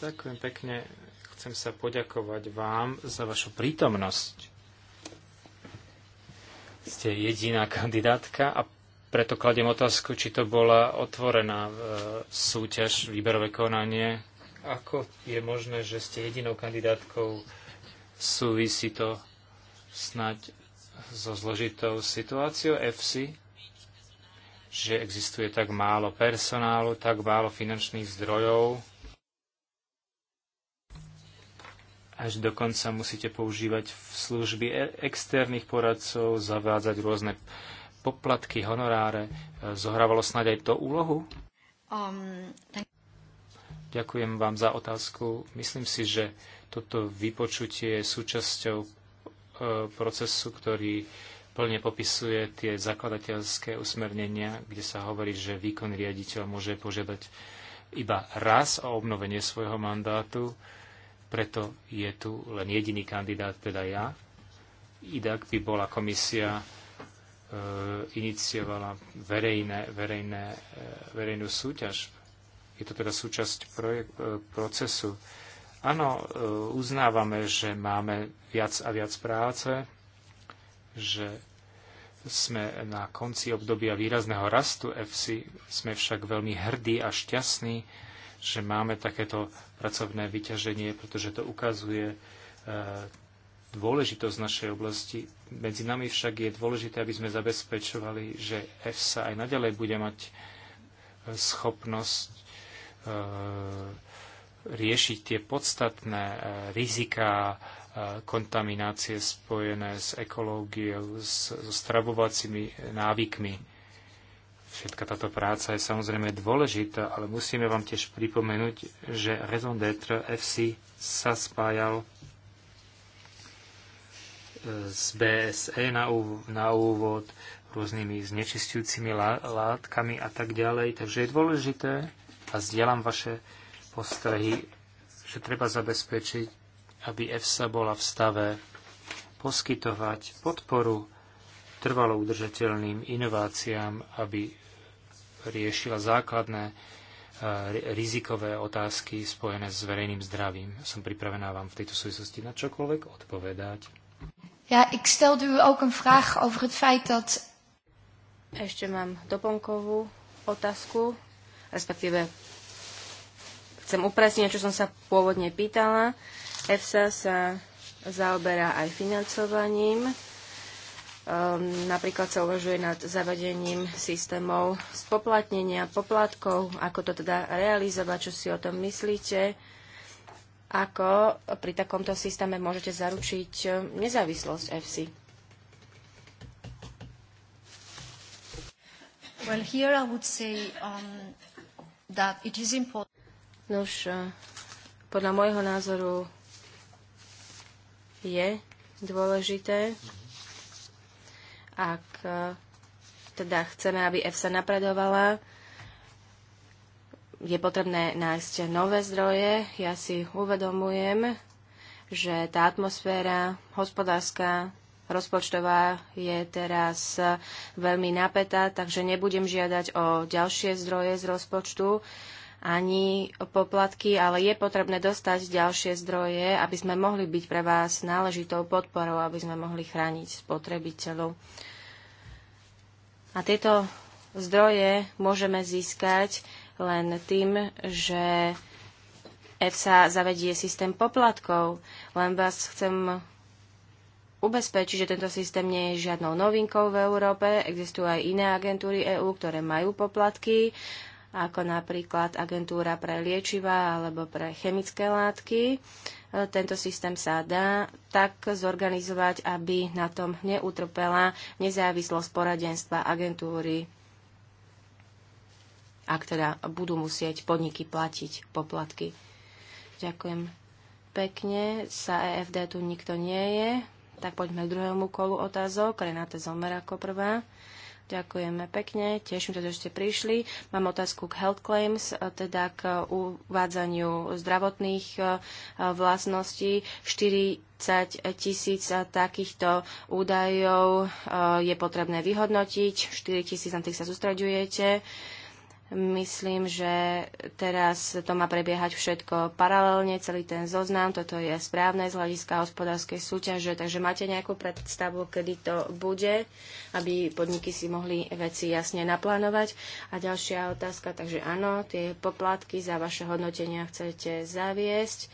Ďakujem pekne chcem sa poďakovať vám za vašu prítomnosť. Ste jediná kandidátka a preto kladiem otázku, či to bola otvorená e, súťaž, výberové konanie. Ako je možné, že ste jedinou kandidátkou? Súvisí to snáď so zložitou situáciou EFSI, že existuje tak málo personálu, tak málo finančných zdrojov až dokonca musíte používať v služby e- externých poradcov, zavádzať rôzne poplatky, honoráre. E, zohrávalo snáď aj to úlohu? Um, Ďakujem vám za otázku. Myslím si, že toto vypočutie je súčasťou e, procesu, ktorý plne popisuje tie zakladateľské usmernenia, kde sa hovorí, že výkonný riaditeľ môže požiadať iba raz o obnovenie svojho mandátu. E, preto je tu len jediný kandidát, teda ja. Idak by bola komisia e, iniciovala verejné, verejné, e, verejnú súťaž. Je to teda súčasť projekt, e, procesu. Áno, uznávame, že máme viac a viac práce, že sme na konci obdobia výrazného rastu FC, sme však veľmi hrdí a šťastní, že máme takéto pracovné vyťaženie, pretože to ukazuje e, dôležitosť našej oblasti. Medzi nami však je dôležité, aby sme zabezpečovali, že EFSA aj naďalej bude mať e, schopnosť e, riešiť tie podstatné riziká kontaminácie spojené s ekológiou, so stravovacími návykmi Všetka táto práca je samozrejme dôležitá, ale musíme vám tiež pripomenúť, že raison d'être FC sa spájal z e, BSE na, na úvod rôznymi znečistujúcimi látkami a tak ďalej. Takže je dôležité, a zdieľam vaše postrehy, že treba zabezpečiť, aby EFSA bola v stave poskytovať podporu trvalo udržateľným inováciám, aby riešila základné e, rizikové otázky spojené s verejným zdravím. Som pripravená vám v tejto súvislosti na čokoľvek odpovedať. Ja, ik stelde u ook een vraag over het feit dat... Ešte mám doplnkovú otázku, respektíve chcem upresniť, čo som sa pôvodne pýtala. EFSA sa zaoberá aj financovaním Ehm, napríklad sa uvažuje nad zavedením systémov spoplatnenia poplatkov, ako to teda realizovať, čo si o tom myslíte, ako pri takomto systéme môžete zaručiť ehm, nezávislosť EFSI. Well, here I would say um, that it is important. Nož, eh, podľa môjho názoru je dôležité, mm-hmm ak e, teda chceme, aby EFSA napredovala, je potrebné nájsť nové zdroje. Ja si uvedomujem, že tá atmosféra hospodárska, rozpočtová je teraz veľmi napätá, takže nebudem žiadať o ďalšie zdroje z rozpočtu ani poplatky, ale je potrebné dostať ďalšie zdroje, aby sme mohli byť pre vás náležitou podporou, aby sme mohli chrániť spotrebiteľov. A tieto zdroje môžeme získať len tým, že EFSA zavedie systém poplatkov. Len vás chcem ubezpečiť, že tento systém nie je žiadnou novinkou v Európe. Existujú aj iné agentúry EÚ, ktoré majú poplatky ako napríklad agentúra pre liečiva alebo pre chemické látky. E, tento systém sa dá tak zorganizovať, aby na tom neutrpela nezávislosť poradenstva agentúry, ak teda budú musieť podniky platiť poplatky. Ďakujem pekne. Sa EFD tu nikto nie je. Tak poďme k druhému kolu otázok. Renáta Zomer ako prvá. Ďakujeme pekne, teším sa, že ste prišli. Mám otázku k health claims, e, teda k e, uvádzaniu zdravotných e, vlastností. 40 tisíc takýchto údajov je potrebné vyhodnotiť, 4 tisíc na tých sa sústreďujete. Myslím, že teraz to má prebiehať všetko paralelne, celý ten zoznam, toto je správne z hľadiska hospodárskej súťaže, takže máte nejakú predstavu, kedy to bude, aby podniky si mohli veci jasne naplánovať. A ďalšia otázka, takže áno, tie poplatky za vaše hodnotenia chcete zaviesť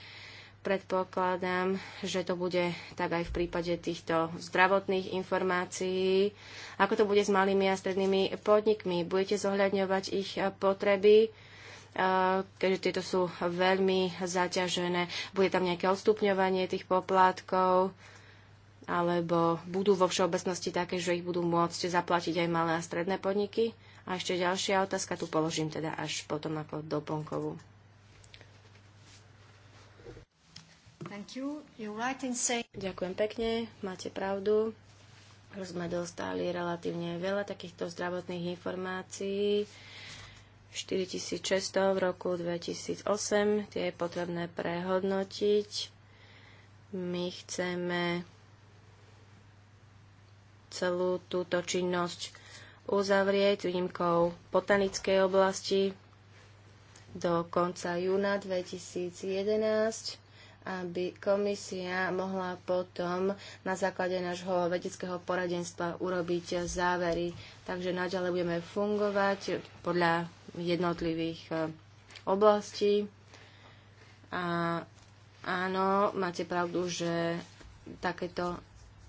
Predpokladám, že to bude tak aj v prípade týchto zdravotných informácií. Ako to bude s malými a strednými podnikmi? Budete zohľadňovať ich potreby? E, keďže tieto sú veľmi zaťažené. Bude tam nejaké odstupňovanie tých poplatkov, alebo budú vo všeobecnosti také, že ich budú môcť zaplatiť aj malé a stredné podniky? A ešte ďalšia otázka, tu položím teda až potom ako doplnkovú. You. Right Ďakujem pekne, máte pravdu. Sme dostali relatívne veľa takýchto zdravotných informácií. 4600 v roku 2008, tie je potrebné prehodnotiť. My chceme celú túto činnosť uzavrieť výnimkou botanickej oblasti do konca júna 2011 aby komisia mohla potom na základe nášho vedeckého poradenstva urobiť závery. Takže naďalej budeme fungovať podľa jednotlivých e, oblastí. A áno, máte pravdu, že takéto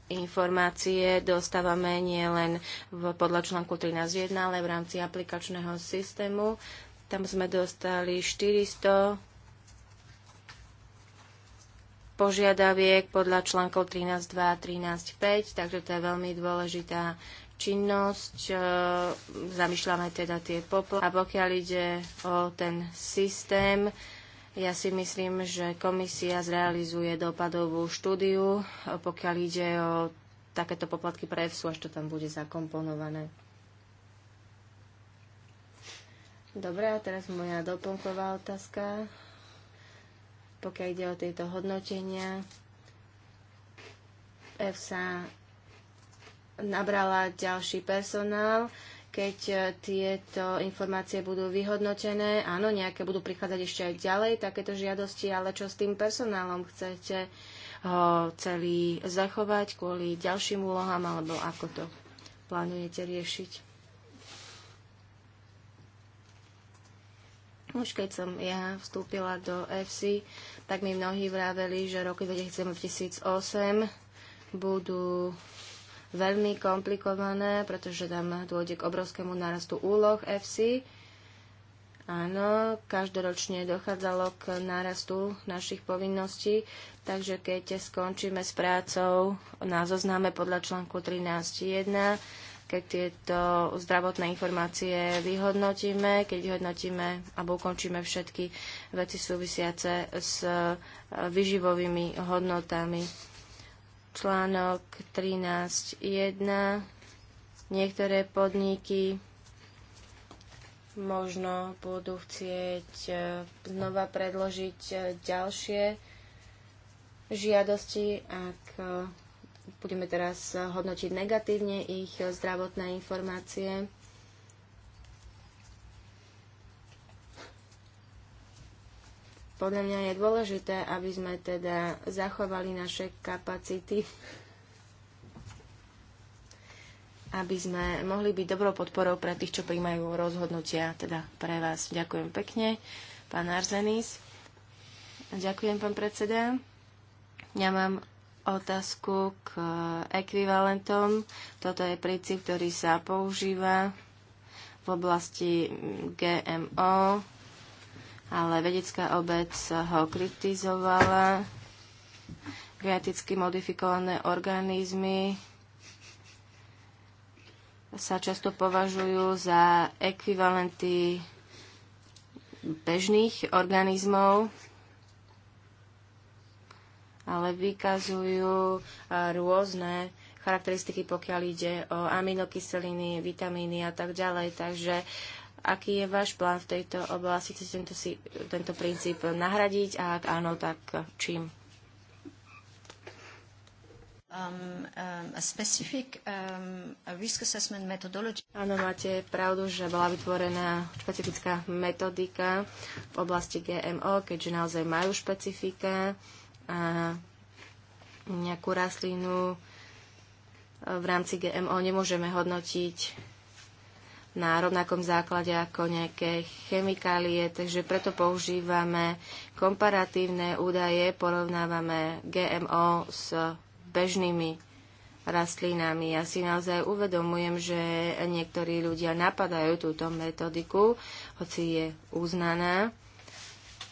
informácie dostávame nielen podľa článku 13.1, ale v rámci aplikačného systému. Tam sme dostali 400 požiadaviek podľa článkov 13.2 a 13.5, takže to je veľmi dôležitá činnosť, e, zamýšľame teda tie poplatky. A pokiaľ ide o ten systém, ja si myslím, že komisia zrealizuje dopadovú štúdiu, e, pokiaľ ide o takéto poplatky pre EFSU, až to tam bude zakomponované. Dobre, a teraz moja doplnková otázka pokiaľ ide o tieto hodnotenia. sa nabrala ďalší personál. Keď e, tieto informácie budú vyhodnotené, áno, nejaké budú prichádzať ešte aj ďalej takéto žiadosti, ale čo s tým personálom chcete ho celý zachovať kvôli ďalším úlohám, alebo ako to plánujete riešiť? Už keď som ja vstúpila do FC, tak mi mnohí vraveli, že roky 2008 budú veľmi komplikované, pretože tam dôjde k obrovskému narastu úloh FC. Áno, každoročne dochádzalo k nárastu našich povinností, takže keď skončíme s prácou na zozname podľa článku 13.1, keď tieto zdravotné informácie vyhodnotíme, keď vyhodnotíme alebo ukončíme všetky veci súvisiace s e, vyživovými hodnotami. Článok 13.1. Niektoré podniky možno budú chcieť e, znova predložiť e, ďalšie žiadosti, ak budeme teraz hodnotiť negatívne ich zdravotné informácie. Podľa mňa je dôležité, aby sme teda zachovali naše kapacity, aby sme mohli byť dobrou podporou pre tých, čo príjmajú rozhodnutia, teda pre vás. Ďakujem pekne, pán Arzenis. Ďakujem, pán predseda. Ja mám otázku k ekvivalentom. Toto je princíp, ktorý sa používa v oblasti GMO, ale vedecká obec ho kritizovala. Geneticky modifikované organizmy sa často považujú za ekvivalenty bežných organizmov ale vykazujú rôzne charakteristiky, pokiaľ ide o aminokyseliny, vitamíny a tak ďalej. Takže aký je váš plán v tejto oblasti? Chcete tento, si, tento princíp nahradiť a ak áno, tak čím? Um, um, a specific um, a risk assessment methodology. Áno, máte pravdu, že bola vytvorená špecifická metodika v oblasti GMO, keďže naozaj majú špecifika a nejakú rastlinu v rámci GMO nemôžeme hodnotiť na rovnakom základe ako nejaké chemikálie, takže preto používame komparatívne údaje, porovnávame GMO s bežnými rastlinami. Ja si naozaj uvedomujem, že niektorí ľudia napadajú túto metodiku, hoci je uznaná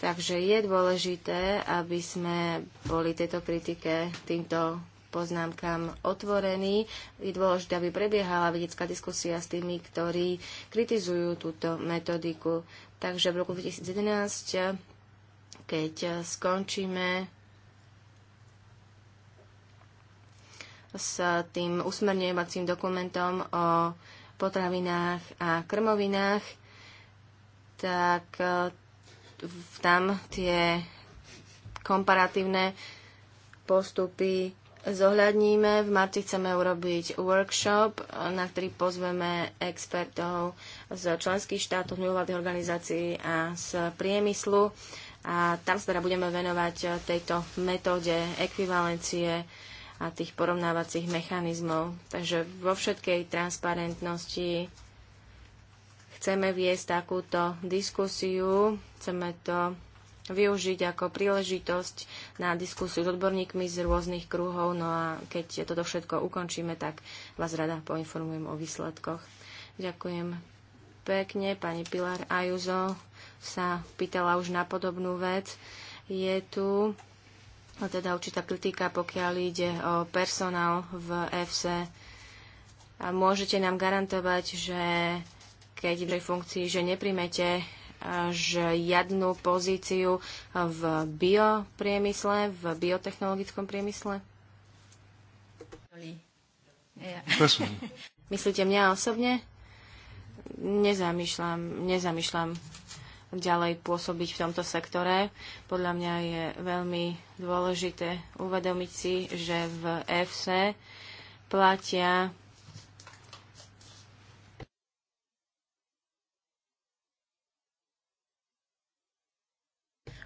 Takže je dôležité, aby sme boli tejto kritike týmto poznámkam otvorení. Je dôležité, aby prebiehala vedecká diskusia s tými, ktorí kritizujú túto metodiku. Takže v roku 2011, keď skončíme s tým usmerňujúcim dokumentom o potravinách a krmovinách, tak tam tie komparatívne postupy zohľadníme. V marci chceme urobiť workshop, na ktorý pozveme expertov z členských štátov, mimovládnych organizácií a z priemyslu. A tam sa teda budeme venovať tejto metóde ekvivalencie a tých porovnávacích mechanizmov. Takže vo všetkej transparentnosti chceme viesť takúto diskusiu, chceme to využiť ako príležitosť na diskusiu s odborníkmi z rôznych kruhov. No a keď toto všetko ukončíme, tak vás rada poinformujem o výsledkoch. Ďakujem pekne. Pani Pilar Ajuzo sa pýtala už na podobnú vec. Je tu teda určitá kritika, pokiaľ ide o personál v EFSE. A môžete nám garantovať, že aj v funkcii, že neprimete eh, žiadnu pozíciu eh, v biopriemysle, v biotechnologickom priemysle? Myslíte mňa osobne? Nezamýšľam, nezamýšľam ďalej pôsobiť v tomto sektore. Podľa mňa je veľmi dôležité uvedomiť si, že v EFSE platia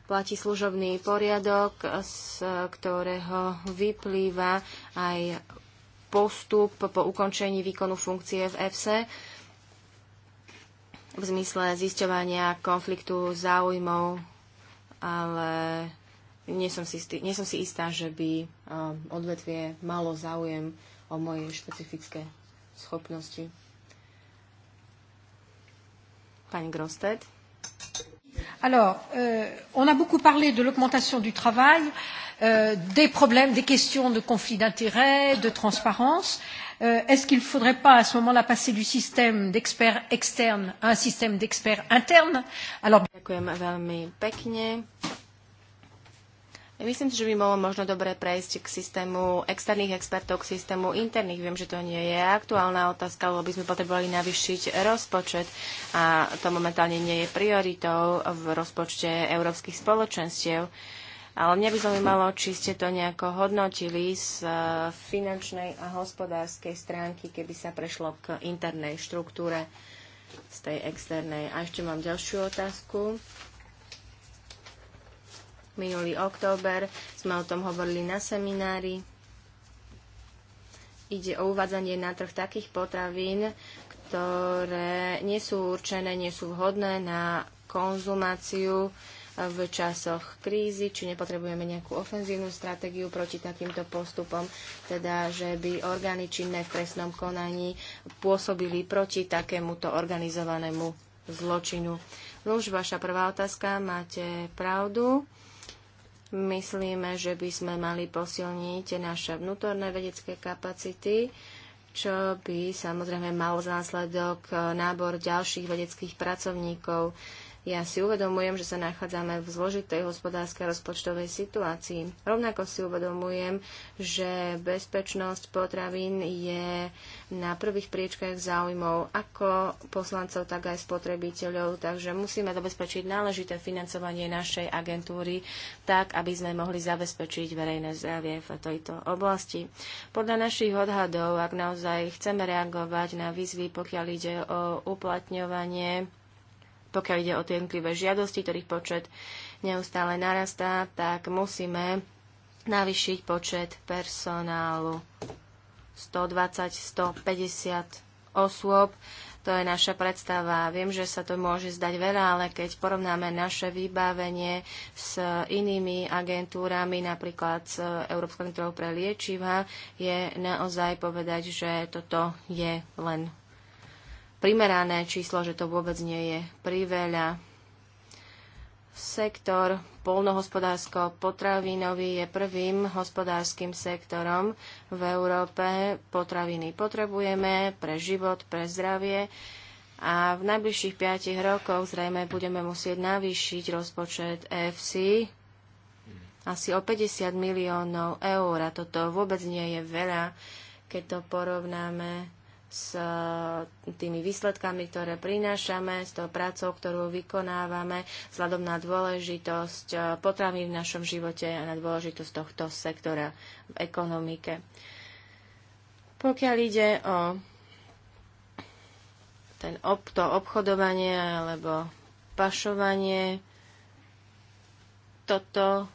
platí služobný poriadok, z ktorého vyplýva aj postup po ukončení výkonu funkcie v EFSE v zmysle zisťovania konfliktu záujmov, ale nie som si, istý, nie som si istá, že by um, odvetvie malo záujem o moje špecifické schopnosti. Pani Grosted. Alors, euh, on a beaucoup parlé de l'augmentation du travail, euh, des problèmes, des questions de conflit d'intérêts, de transparence. Euh, Est-ce qu'il ne faudrait pas à ce moment-là passer du système d'experts externes à un système d'experts internes? Alors... Ďakujem veľmi pekne. Myslím si, že by bolo možno dobre prejsť k systému externých expertov, k systému interných. Viem, že to nie je aktuálna otázka, lebo by sme potrebovali navyšiť rozpočet a to momentálne nie je prioritou v rozpočte európskych spoločenstiev. Ale mňa by zaujímalo, či ste to nejako hodnotili z e, finančnej a hospodárskej stránky, keby sa prešlo k internej štruktúre z tej externej. A ešte mám ďalšiu otázku minulý október. Sme o tom hovorili na seminári. Ide o uvádzanie na trh takých potravín, ktoré nie sú určené, nie sú vhodné na konzumáciu e, v časoch krízy, či nepotrebujeme nejakú ofenzívnu stratégiu proti takýmto postupom, teda že by orgány činné v trestnom konaní pôsobili proti takémuto organizovanému zločinu. už vaša prvá otázka, máte pravdu. Myslíme, že by sme mali posilniť naše vnútorné vedecké kapacity, čo by samozrejme mal za následok eh, nábor ďalších vedeckých pracovníkov. Ja si uvedomujem, že sa nachádzame v zložitej hospodárskej rozpočtovej situácii. Rovnako si uvedomujem, že bezpečnosť potravín je na prvých priečkách záujmov ako poslancov, tak aj spotrebiteľov, takže musíme zabezpečiť náležité financovanie našej agentúry tak, aby sme mohli zabezpečiť verejné zdravie v tejto oblasti. Podľa našich odhadov, ak naozaj chceme reagovať na výzvy, pokiaľ ide o uplatňovanie pokiaľ ide o tie jednotlivé žiadosti, ktorých počet neustále narastá, tak musíme navýšiť počet personálu. 120, 150 osôb. To je naša predstava. Viem, že sa to môže zdať veľa, ale keď porovnáme naše vybavenie s inými agentúrami, napríklad s Európskou agentúrou pre liečiva, je naozaj povedať, že toto je len primerané číslo, že to vôbec nie je priveľa. Sektor polnohospodársko-potravinový je prvým hospodárskym sektorom v Európe. Potraviny potrebujeme pre život, pre zdravie a v najbližších 5 rokoch zrejme budeme musieť navýšiť rozpočet EFC asi o 50 miliónov eur a toto vôbec nie je veľa, keď to porovnáme s e, tými výsledkami, ktoré prinášame, s tou prácou, ktorú vykonávame, vzhľadom na dôležitosť e, potravy v našom živote a na dôležitosť tohto sektora v ekonomike. Pokiaľ ide o ten ob, to obchodovanie alebo pašovanie, toto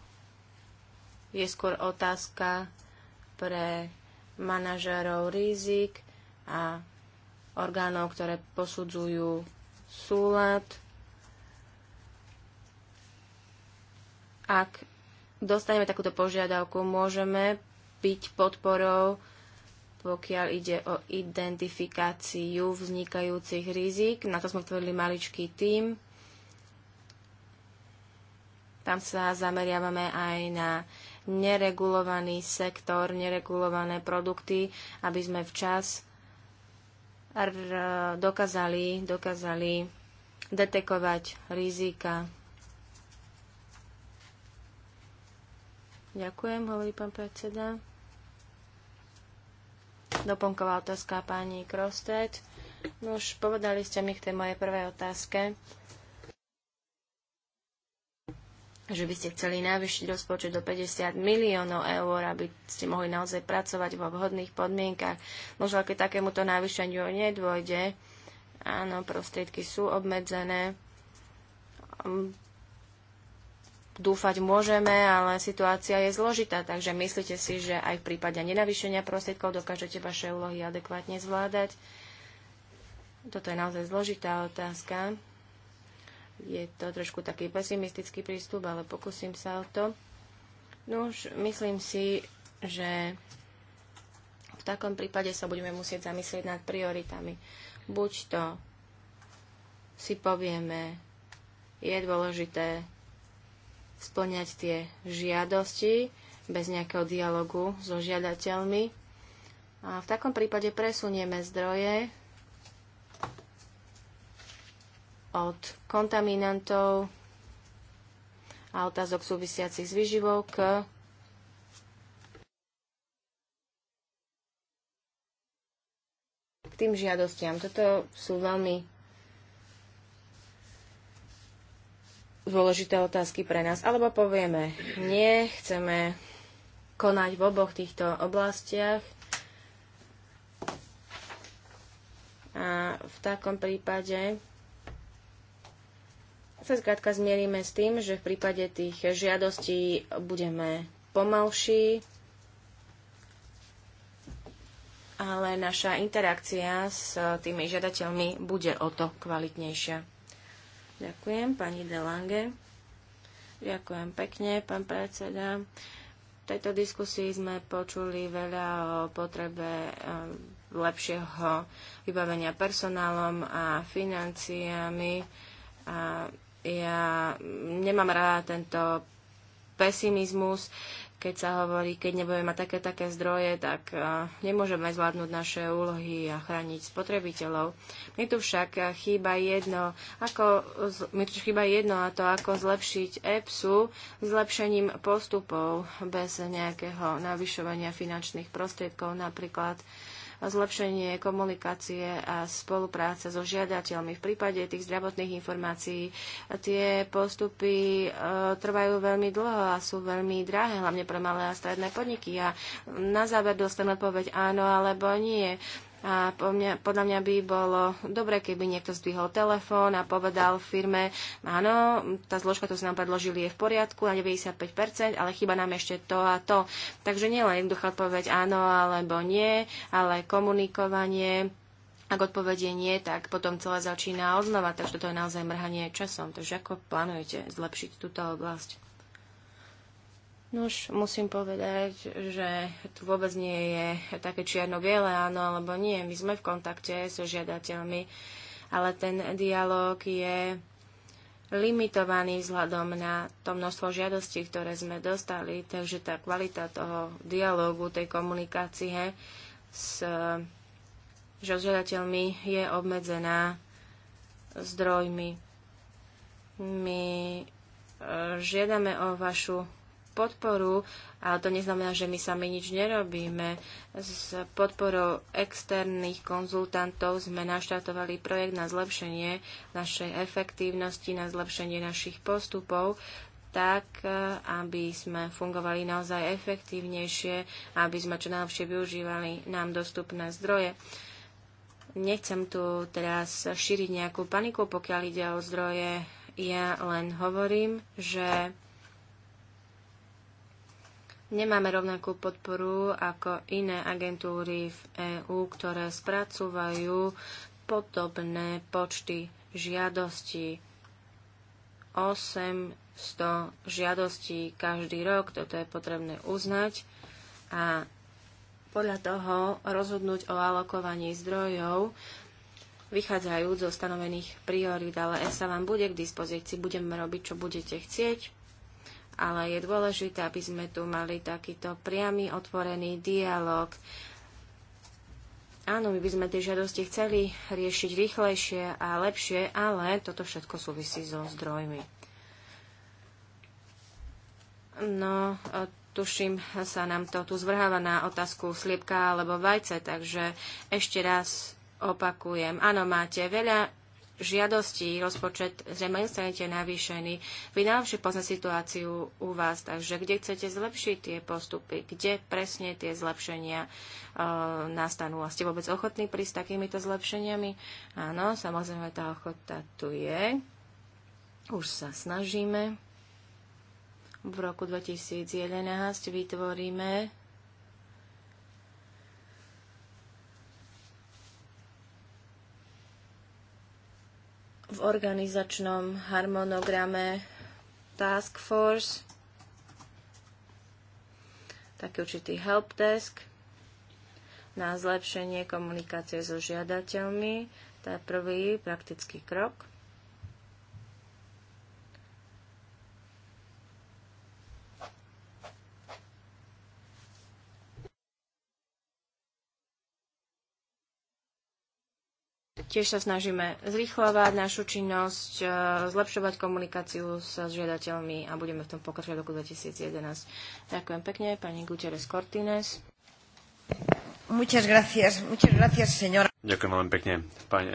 je skôr otázka pre manažérov rizik, a orgánov, ktoré posudzujú súlad. Ak dostaneme takúto požiadavku, môžeme byť podporou, pokiaľ ide o identifikáciu vznikajúcich rizik. Na to sme tvorili maličký tím. Tam sa zameriavame aj na neregulovaný sektor, neregulované produkty, aby sme včas dokázali, dokázali detekovať rizika. Ďakujem, hovorí pán predseda. Doponková otázka pani Krostet. No už povedali ste mi k tej mojej prvej otázke, že by ste chceli navýšiť rozpočet do 50 miliónov eur, aby ste mohli naozaj pracovať vo vhodných podmienkach. Možno keď takémuto navýšeniu nedôjde, áno, prostriedky sú obmedzené. Hm, dúfať môžeme, ale situácia je zložitá, takže myslíte si, že aj v prípade nenavýšenia prostriedkov dokážete vaše úlohy adekvátne zvládať? Toto je naozaj zložitá otázka. Je to trošku taký pesimistický prístup, ale pokúsim sa o to. No už myslím si, že v takom prípade sa budeme musieť zamyslieť nad prioritami. Buď to si povieme, je dôležité splňať tie žiadosti bez nejakého dialogu so žiadateľmi. A v takom prípade presunieme zdroje od kontaminantov a otázok súvisiacich s výživou k k tým žiadostiam. Toto sú veľmi dôležité otázky pre nás. Alebo povieme, nie, chceme konať v oboch týchto oblastiach. A v takom prípade sa zkrátka zmierime s tým, že v prípade tých žiadostí budeme pomalší, ale naša interakcia s tými žiadateľmi bude o to kvalitnejšia. Ďakujem, pani Delange. Ďakujem pekne, pán predseda. V tejto diskusii sme počuli veľa o potrebe lepšieho vybavenia personálom a financiami a ja nemám rád tento pesimizmus, keď sa hovorí, keď nebudeme mať také také zdroje, tak eh, nemôžeme zvládnuť naše úlohy a chrániť spotrebiteľov. Mi tu však chýba jedno, ako, mi tu chýba jedno a to, ako zlepšiť EPSu zlepšením postupov bez nejakého navyšovania finančných prostriedkov, napríklad zlepšenie komunikácie a spolupráce so žiadateľmi. V prípade tých zdravotných informácií tie postupy e, trvajú veľmi dlho a sú veľmi drahé, hlavne pre malé a stredné podniky. A na záver dostanú odpoveď áno alebo nie. A po mňa, podľa mňa by bolo dobre, keby niekto zdvihol telefón a povedal firme, áno, tá zložka, ktorú sme nám predložili, je v poriadku na 95%, ale chyba nám ešte to a to. Takže nielen jednoduchá odpoveď áno alebo nie, ale komunikovanie, ak odpovedie nie, tak potom celé začína odznova, takže toto je naozaj mrhanie časom. Takže ako plánujete zlepšiť túto oblasť? Nož, musím povedať, že tu vôbec nie je také čierno-biele, áno alebo nie. My sme v kontakte so žiadateľmi, ale ten dialog je limitovaný vzhľadom na to množstvo žiadostí, ktoré sme dostali, takže tá kvalita toho dialogu, tej komunikácie s žiadateľmi je obmedzená zdrojmi. My e, žiadame o vašu podporu, ale to neznamená, že my sami nič nerobíme. S podporou externých konzultantov sme naštartovali projekt na zlepšenie našej efektívnosti, na zlepšenie našich postupov, tak, e, aby sme fungovali naozaj efektívnejšie, aby sme čo najlepšie využívali nám dostupné zdroje. Nechcem tu teraz šíriť nejakú paniku, pokiaľ ide o zdroje. Ja len hovorím, že Nemáme rovnakú podporu ako iné agentúry v EÚ, ktoré spracúvajú podobné počty žiadostí. 800 žiadostí každý rok, toto je potrebné uznať a podľa toho rozhodnúť o alokovaní zdrojov, vychádzajúc zo stanovených priorít, ale ESA vám bude k dispozícii, budeme robiť, čo budete chcieť ale je dôležité, aby sme tu mali takýto priamy otvorený dialog. Áno, my by sme tie žiadosti chceli riešiť rýchlejšie a lepšie, ale toto všetko súvisí so zdrojmi. No, e, tuším, sa nám to tu zvrháva na otázku sliepka alebo vajce, takže ešte raz opakujem. Áno, máte veľa žiadosti rozpočet zrejme stanete navýšený. Vy najlepšie poznať situáciu u vás, takže kde chcete zlepšiť tie postupy, kde presne tie zlepšenia e, nastanú. A ste vôbec ochotní prísť takýmito zlepšeniami? Áno, samozrejme tá ochota tu je. Už sa snažíme. V roku 2011 vytvoríme v organizačnom harmonograme Task Force, taký určitý helpdesk na zlepšenie komunikácie so žiadateľmi. To je prvý praktický krok. Tiež sa snažíme zrýchľovať našu činnosť, e, zlepšovať komunikáciu s žiadateľmi a budeme v tom pokračovať v roku 2011. Ďakujem pekne, pani Gutierrez Cortines. Muchas gracias, muchas gracias, señora. Ďakujem veľmi pekne. Pane,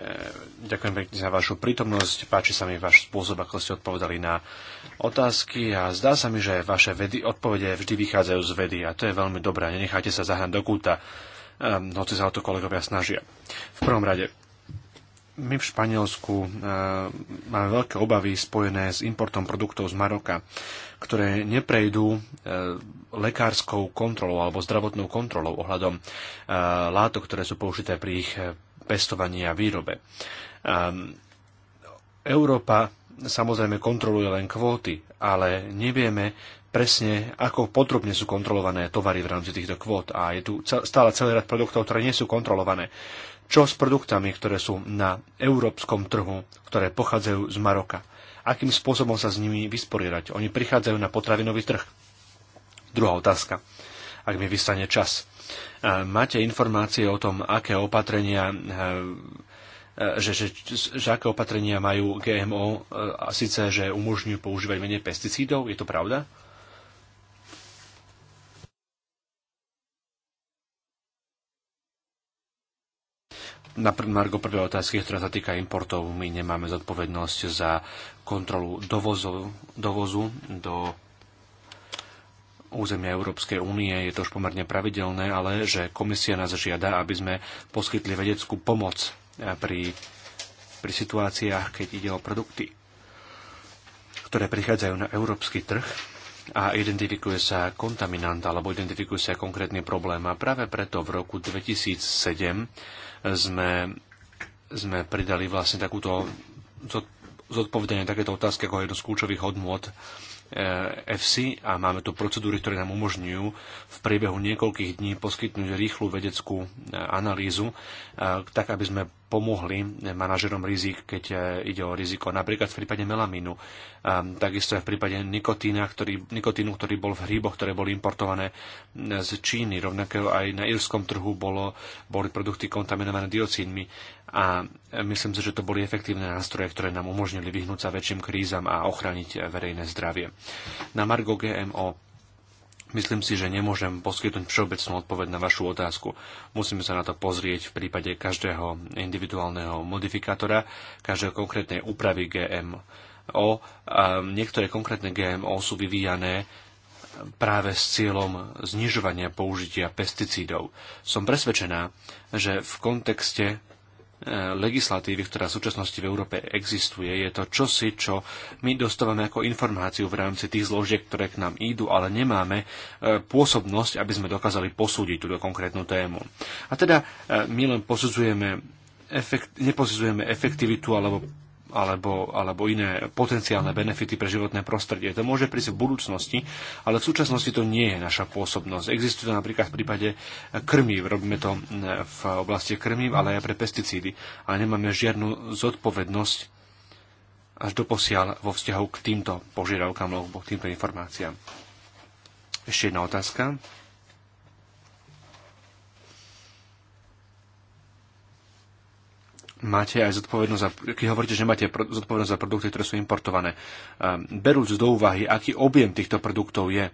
ďakujem pekne za vašu prítomnosť. Páči sa mi váš spôsob, ako ste odpovedali na otázky a zdá sa mi, že vaše vedy, odpovede vždy vychádzajú z vedy a to je veľmi dobré. Nenechajte sa zahnať do kúta, um, hoci sa o to kolegovia snažia. V prvom rade, my v Španielsku e, máme veľké obavy spojené s importom produktov z Maroka, ktoré neprejdú e, lekárskou kontrolou alebo zdravotnou kontrolou ohľadom e, látok, ktoré sú použité pri ich pestovaní a výrobe. Európa samozrejme kontroluje len kvóty, ale nevieme presne, ako potrubne sú kontrolované tovary v rámci týchto kvót a je tu stále celý rad produktov, ktoré nie sú kontrolované. Čo s produktami, ktoré sú na európskom trhu, ktoré pochádzajú z Maroka? Akým spôsobom sa s nimi vysporiadať? Oni prichádzajú na potravinový trh. Druhá otázka, ak mi vystane čas. E, máte informácie o tom, aké opatrenia e, e, že, že, že aké opatrenia majú GMO a síce, že umožňujú používať menej pesticídov, je to pravda? na Margo prvej otázky, ktorá sa týka importov, my nemáme zodpovednosť za kontrolu dovozu, dovozu do územia Európskej únie, je to už pomerne pravidelné, ale že komisia nás žiada, aby sme poskytli vedeckú pomoc eh, pri, pri situáciách, keď ide o produkty, ktoré prichádzajú na európsky trh a identifikuje sa kontaminant alebo identifikuje sa konkrétny problém. A práve preto v roku 2007 sme, sme pridali vlastne takúto zodpovedanie takéto otázky ako jednu z kľúčových odmôd FC a máme tu procedúry, ktoré nám umožňujú v priebehu niekoľkých dní poskytnúť rýchlu vedeckú e, analýzu, e, tak aby sme pomohli manažerom rizik, keď e, ide o riziko. Napríklad v prípade melamínu, takisto aj v prípade nikotína, ktorý, nikotínu, ktorý bol v hríboch, ktoré boli importované z Číny. Rovnako aj na írskom trhu bolo, boli produkty kontaminované diocínmi a myslím si, že to boli efektívne nástroje, ktoré nám umožnili vyhnúť sa väčším krízam a ochrániť verejné zdravie. Na Margo GMO Myslím si, že nemôžem poskytnúť všeobecnú odpoveď na vašu otázku. Musíme sa na to pozrieť v prípade každého individuálneho modifikátora, každej konkrétnej úpravy GMO. A niektoré konkrétne GMO sú vyvíjané práve s cieľom znižovania použitia pesticídov. Som presvedčená, že v kontexte legislatívy, ktorá v súčasnosti v Európe existuje. Je to čosi, čo my dostávame ako informáciu v rámci tých zložiek, ktoré k nám idú, ale nemáme e, pôsobnosť, aby sme dokázali posúdiť túto konkrétnu tému. A teda e, my len posudzujeme efekt, neposudzujeme efektivitu alebo alebo, alebo iné potenciálne mhm. benefity pre životné prostredie. To môže prísť v budúcnosti, ale v súčasnosti to nie je naša pôsobnosť. Existuje to napríklad v prípade krmív. Robíme to eh, v oblasti krmív, ale aj pre pesticídy. A nemáme žiadnu zodpovednosť až do posiaľ vo vzťahu k týmto požiadavkám alebo k týmto informáciám. Ešte jedna otázka. máte aj zodpovednosť za, keď hovoríte, že máte zodpovednosť za produkty, ktoré sú importované, ehm, berúc do úvahy, aký objem týchto produktov je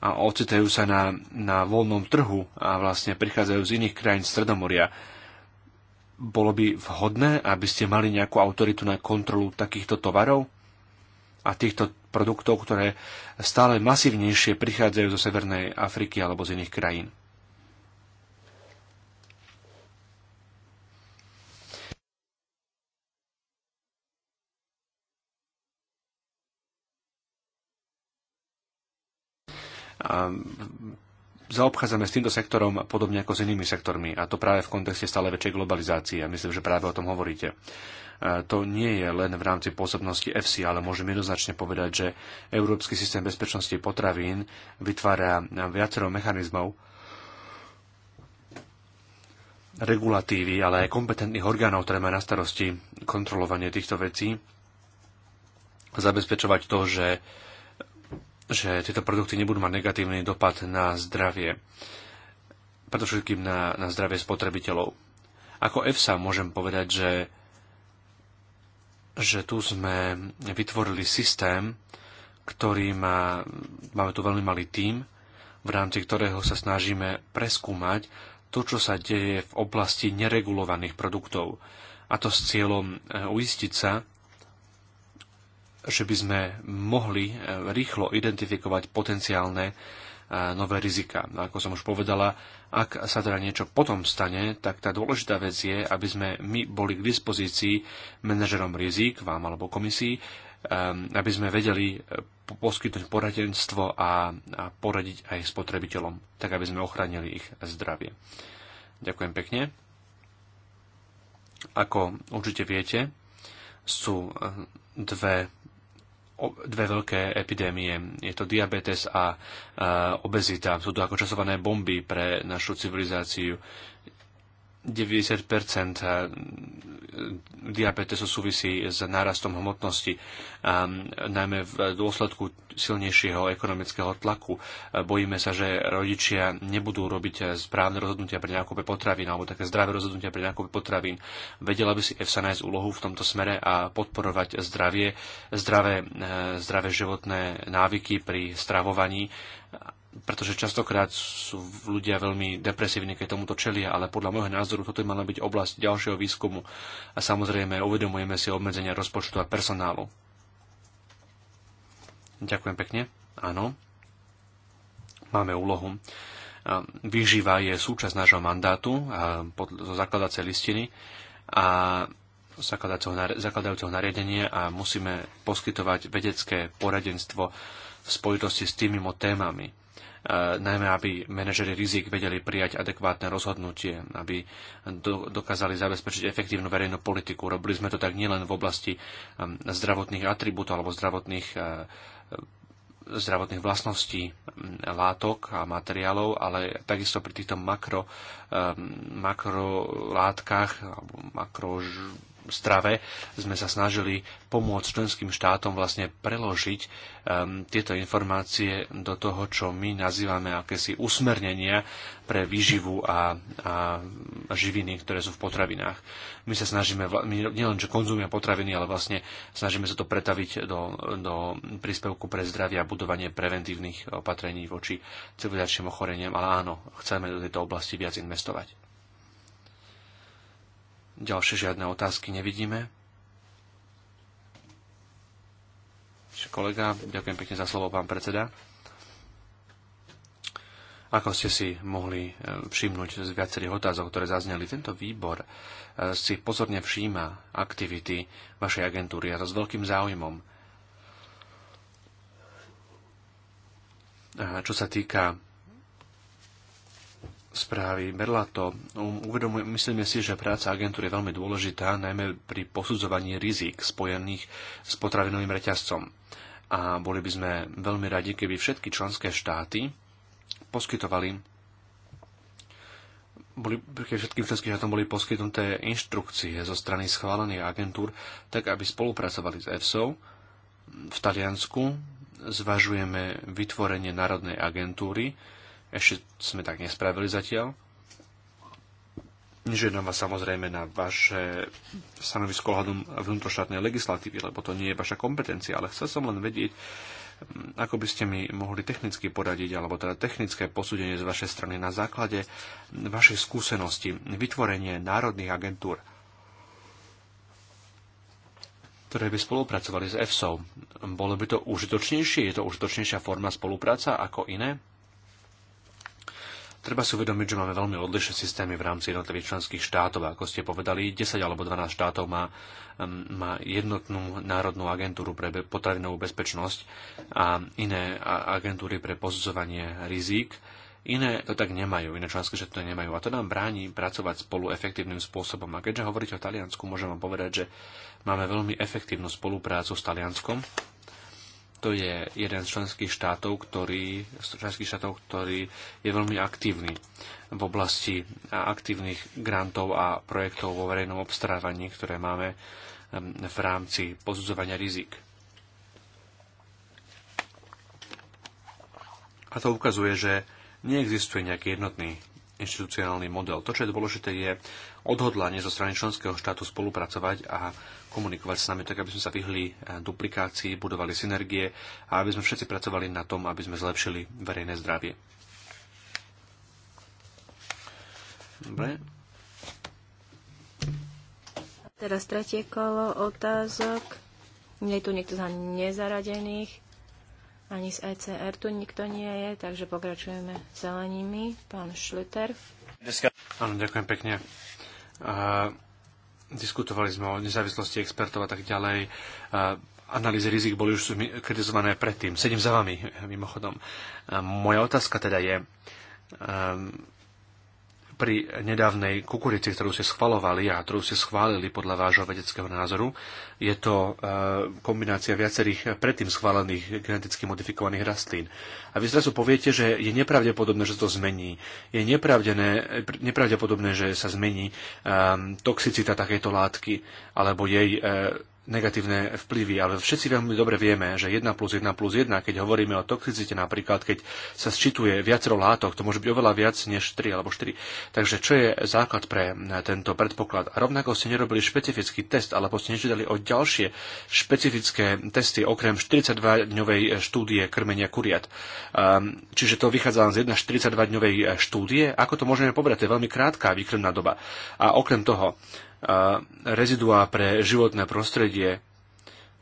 a ocitajú sa na, na voľnom trhu a vlastne prichádzajú z iných krajín Stredomoria, bolo by vhodné, aby ste mali nejakú autoritu na kontrolu takýchto tovarov a týchto produktov, ktoré stále masívnejšie prichádzajú zo Severnej Afriky alebo z iných krajín? zaobchádzame s týmto sektorom podobne ako s inými sektormi a to práve v kontexte stále väčšej globalizácie a myslím, že práve o tom hovoríte to nie je len v rámci pôsobnosti EFSI, ale môžem jednoznačne povedať, že Európsky systém bezpečnosti potravín vytvára viacero mechanizmov, regulatívy, ale aj kompetentných orgánov, ktoré má na starosti kontrolovanie týchto vecí, zabezpečovať to, že že tieto produkty nebudú mať negatívny dopad na zdravie, všetkým na, na zdravie spotrebiteľov. Ako EFSA môžem povedať, že, že tu sme vytvorili systém, ktorý má, máme tu veľmi malý tím, v rámci ktorého sa snažíme preskúmať to, čo sa deje v oblasti neregulovaných produktov, a to s cieľom e, uistiť sa, že by sme mohli e, rýchlo identifikovať potenciálne e, nové rizika. Ako som už povedala, ak sa teda niečo potom stane, tak tá dôležitá vec je, aby sme my boli k dispozícii manažerom rizik, vám alebo komisii, e, aby sme vedeli poskytnúť poradenstvo a poradiť aj spotrebiteľom, tak aby sme ochránili ich zdravie. Ďakujem pekne. Ako určite viete, sú dve dve veľké epidémie. Je to diabetes a obezita. Sú to ako časované bomby pre našu civilizáciu. 90 diabetesu súvisí s nárastom hmotnosti, najmä v dôsledku silnejšieho ekonomického tlaku. Bojíme sa, že rodičia nebudú robiť správne rozhodnutia pre nákupe potravín alebo také zdravé rozhodnutia pre nákupe potravín. Vedela by si EFSA nájsť úlohu v tomto smere a podporovať zdravie, zdravé, e, zdravé životné návyky pri stravovaní pretože častokrát sú ľudia veľmi depresívni, keď tomuto čelia, ale podľa môjho názoru toto by mala byť oblasť ďalšieho výskumu a samozrejme uvedomujeme si obmedzenia rozpočtu a personálu. Ďakujem pekne. Áno. Máme úlohu. Výživa je súčasť nášho mandátu zo zakladacej listiny a zakladajúceho nariadenia a musíme poskytovať vedecké poradenstvo v spojitosti s týmito témami Eh, najmä aby manažeri rizik vedeli prijať adekvátne rozhodnutie, aby do, dokázali zabezpečiť efektívnu verejnú politiku. Robili sme to tak nielen v oblasti zdravotných atribútov alebo zdravotných eh, zdravotných vlastností mm, látok a materiálov, ale takisto pri týchto makro, makrolátkach alebo makro strave sme sa snažili pomôcť členským štátom vlastne preložiť um, tieto informácie do toho, čo my nazývame akési usmernenia pre výživu a, a živiny, ktoré sú v potravinách. My sa snažíme, my nielen, že konzumia potraviny, ale vlastne snažíme sa to pretaviť do, do príspevku pre zdravie a budovanie preventívnych opatrení voči civilizačným ochoreniam, ale áno, chceme do tejto oblasti viac investovať. Ďalšie žiadne otázky nevidíme. Kolega, ďakujem pekne za slovo, pán predseda. Ako ste si mohli e, všimnúť z viacerých otázok, ktoré zazneli, tento výbor e, si pozorne všíma aktivity vašej agentúry a to s veľkým záujmom. Čo sa týka správy um, Uvedomujem, Myslíme si, že práca agentúry je veľmi dôležitá, najmä pri posudzovaní rizik spojených s potravinovým reťazcom. A boli by sme veľmi radi, keby všetky členské štáty poskytovali boli, keď všetkým členským štátom boli poskytnuté inštrukcie zo strany schválených agentúr, tak aby spolupracovali s EFSO. V Taliansku zvažujeme vytvorenie Národnej agentúry, ešte sme tak nespravili zatiaľ. Žiadam vás samozrejme na vaše stanovisko ohľadom vnútroštátnej legislatívy, lebo to nie je vaša kompetencia, ale chcel som len vedieť, mm, ako by ste mi mohli technicky poradiť, alebo teda technické posúdenie z vašej strany na základe vašej skúsenosti, vytvorenie národných agentúr, ktoré by spolupracovali s EFSO. Bolo by to užitočnejšie? Je to užitočnejšia forma spolupráca ako iné? Treba si uvedomiť, že máme veľmi odlišné systémy v rámci jednotlivých členských štátov. Ako ste povedali, 10 alebo 12 štátov má, um, má jednotnú národnú agentúru pre potravinovú bezpečnosť a iné agentúry pre posudzovanie rizík. Iné to tak nemajú, iné členské štáty to nemajú. A to nám bráni pracovať spolu efektívnym spôsobom. A keďže hovoríte o Taliansku, môžem vám povedať, že máme veľmi efektívnu spoluprácu s Talianskom to je jeden z členských štátov, ktorý, členských štátov, ktorý je veľmi aktívny v oblasti aktívnych grantov a projektov vo verejnom obstarávaní, ktoré máme v rámci posudzovania rizik. A to ukazuje, že neexistuje nejaký jednotný inštitucionálny model. To, čo je dôležité, je odhodlanie zo strany členského štátu spolupracovať a komunikovať s nami, tak aby sme sa vyhli eh, duplikácii, budovali synergie a aby sme všetci pracovali na tom, aby sme zlepšili verejné zdravie. Dobre. Teraz tretie kolo otázok. Nie je tu niekto za nezaradených. Ani z ECR tu nikto nie je, takže pokračujeme zelenými. Pán Šliter. Áno, ďakujem pekne. Uh, Diskutovali sme o nezávislosti expertov a tak ďalej. Analýzy rizik boli už kritizované predtým. Sedím za vami, mimochodom. Moja otázka teda je, ehm, pri nedávnej kukurici, ktorú ste schvalovali a ktorú ste schválili podľa vášho vedeckého názoru, je to e, kombinácia viacerých predtým schválených geneticky modifikovaných rastlín. A vy zrazu poviete, že je nepravdepodobné, že to zmení. Je nepravdepodobné, že sa zmení e, toxicita takejto látky alebo jej e, negatívne vplyvy, ale všetci veľmi dobre vieme, že 1 plus 1 plus 1, keď hovoríme o toxicite napríklad, keď sa sčituje viacero látok, to môže byť oveľa viac než 3 alebo 4. Takže čo je základ pre eh, tento predpoklad? A rovnako ste nerobili špecifický test, alebo ste nečítali o ďalšie špecifické testy okrem 42-dňovej eh, štúdie krmenia kuriat. Ehm, čiže to vychádza len z 1 42-dňovej eh, štúdie. Ako to môžeme povedať? To je veľmi krátka výkrmná doba. A okrem toho, reziduá pre životné prostredie,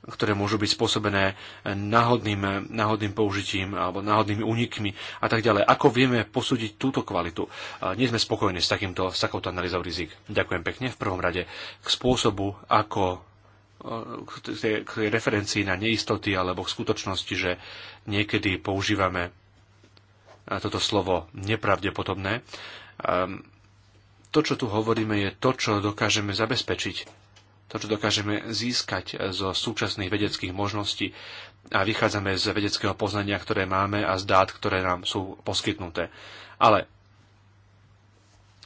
ktoré môžu byť spôsobené náhodným, náhodným použitím alebo náhodnými únikmi a tak ďalej. Ako vieme posúdiť túto kvalitu? Nie sme spokojní s, takýmto, s takouto analýzou rizik. Ďakujem pekne. V prvom rade k spôsobu, ako e, k tej, referencii na neistoty alebo k skutočnosti, že niekedy používame toto slovo nepravdepodobné. Um, to, čo tu hovoríme, je to, čo dokážeme zabezpečiť to, čo dokážeme získať zo súčasných vedeckých možností a vychádzame z vedeckého poznania, ktoré máme a z dát, ktoré nám sú poskytnuté. Ale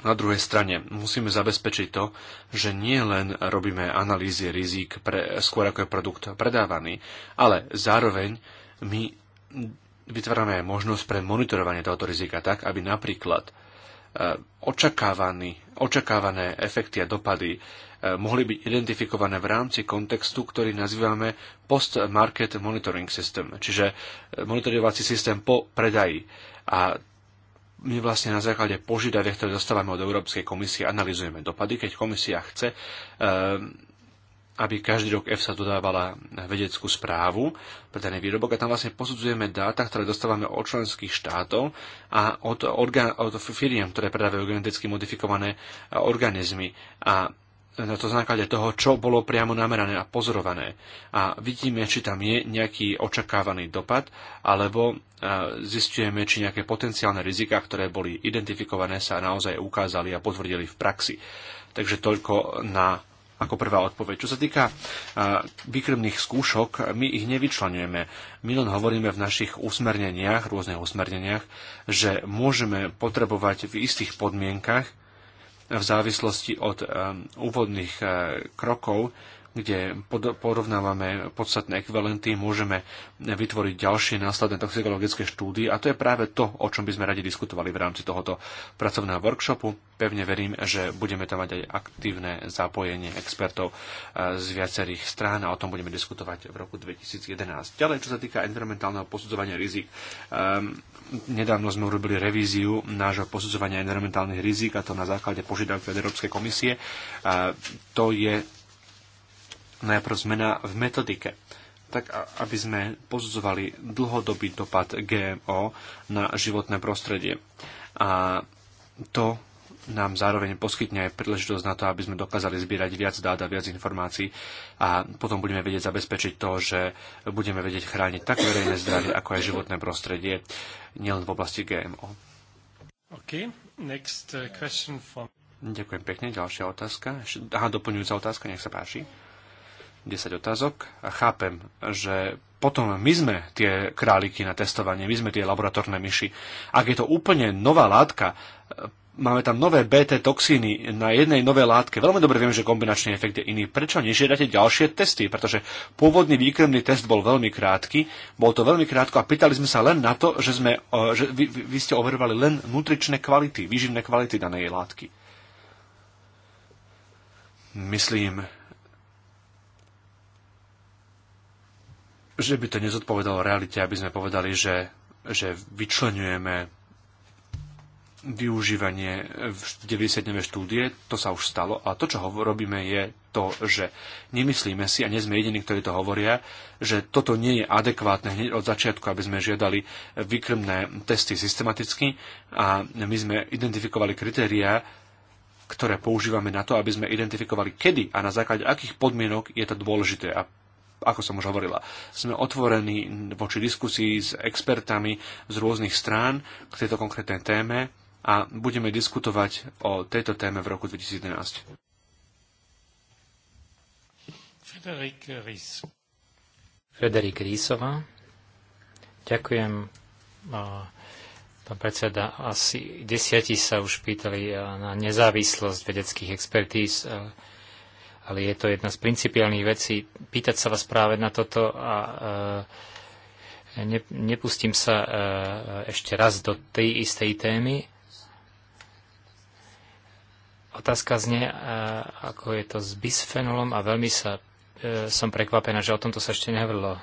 na druhej strane musíme zabezpečiť to, že nie len robíme analýzy rizík pre, skôr ako je produkt predávaný, ale zároveň my vytvárame aj možnosť pre monitorovanie tohoto rizika tak, aby napríklad E, očakávané efekty a dopady e, mohli byť identifikované v rámci kontextu, ktorý nazývame post-market monitoring system, čiže e, monitorovací systém po predaji. A my vlastne na základe požiadavia, ktoré dostávame od Európskej komisie, analizujeme dopady, keď komisia chce aby každý rok EFSA dodávala vedeckú správu pre daný výrobok a tam vlastne posudzujeme dáta, ktoré dostávame od členských štátov a od, orgán, od firiem, ktoré predávajú geneticky modifikované organizmy. A e, na to základe toho, čo bolo priamo namerané a pozorované. A vidíme, či tam je nejaký očakávaný dopad, alebo e, zistujeme, či nejaké potenciálne rizika, ktoré boli identifikované, sa naozaj ukázali a potvrdili v praxi. Takže toľko na ako prvá odpoveď. Čo sa týka výkrmných skúšok, my ich nevyčlenujeme. My len hovoríme v našich usmerneniach, rôznych usmerneniach, že môžeme potrebovať v istých podmienkach v závislosti od úvodných krokov kde porovnávame podstatné ekvivalenty, môžeme vytvoriť ďalšie následné toxikologické štúdie a to je práve to, o čom by sme radi diskutovali v rámci tohoto pracovného workshopu. Pevne verím, že budeme tam mať aj aktívne zapojenie expertov eh, z viacerých strán a o tom budeme diskutovať v roku 2011. Ďalej, čo sa týka environmentálneho posudzovania rizik, um, nedávno sme urobili revíziu nášho posudzovania environmentálnych rizik a to na základe požiadavky Európskej komisie. Uh, to je najprv zmena v metodike, tak aby sme posudzovali dlhodobý dopad GMO na životné prostredie. A to nám zároveň poskytne aj príležitosť na to, aby sme dokázali zbierať viac dát a viac informácií a potom budeme vedieť zabezpečiť to, že budeme vedieť chrániť tak verejné zdravie, ako aj životné prostredie, nielen v oblasti GMO. Okay. Next uh, question from... Ďakujem pekne. Ďalšia otázka. Aha, doplňujúca otázka, nech sa páči. 10 otázok a chápem, že potom my sme tie králiky na testovanie, my sme tie laboratórne myši. Ak je to úplne nová látka, e, máme tam nové BT toxíny na jednej novej látke. Veľmi dobre viem, že kombinačný efekt je iný. Prečo nežiadate ďalšie testy? Pretože pôvodný výkrmný test bol veľmi krátky, bol to veľmi krátko a pýtali sme sa len na to, že, sme, e, že vy, vy ste overovali len nutričné kvality, výživné kvality danej látky. Myslím, že by to nezodpovedalo realite, aby sme povedali, že, že vyčlenujeme využívanie v 90-dňové štúdie, to sa už stalo a to, čo robíme, je to, že nemyslíme si a nie sme jediní, ktorí to hovoria, že toto nie je adekvátne hneď od začiatku, aby sme žiadali výkrmné testy systematicky a my sme identifikovali kritériá, ktoré používame na to, aby sme identifikovali, kedy a na základe akých podmienok je to dôležité. A ako som už hovorila, sme otvorení voči diskusii s expertami z rôznych strán k tejto konkrétnej téme a budeme diskutovať o tejto téme v roku 2011. Frederik Ries. Frederik Ďakujem, pán predseda. Asi desiatí sa už pýtali na nezávislosť vedeckých expertíz ale je to jedna z principiálnych vecí. Pýtať sa vás práve na toto a e, ne, nepustím sa e, ešte raz do tej istej témy. Otázka znie, e, ako je to s bisfenolom a veľmi sa, e, som prekvapená, že o tomto sa ešte nehovorilo.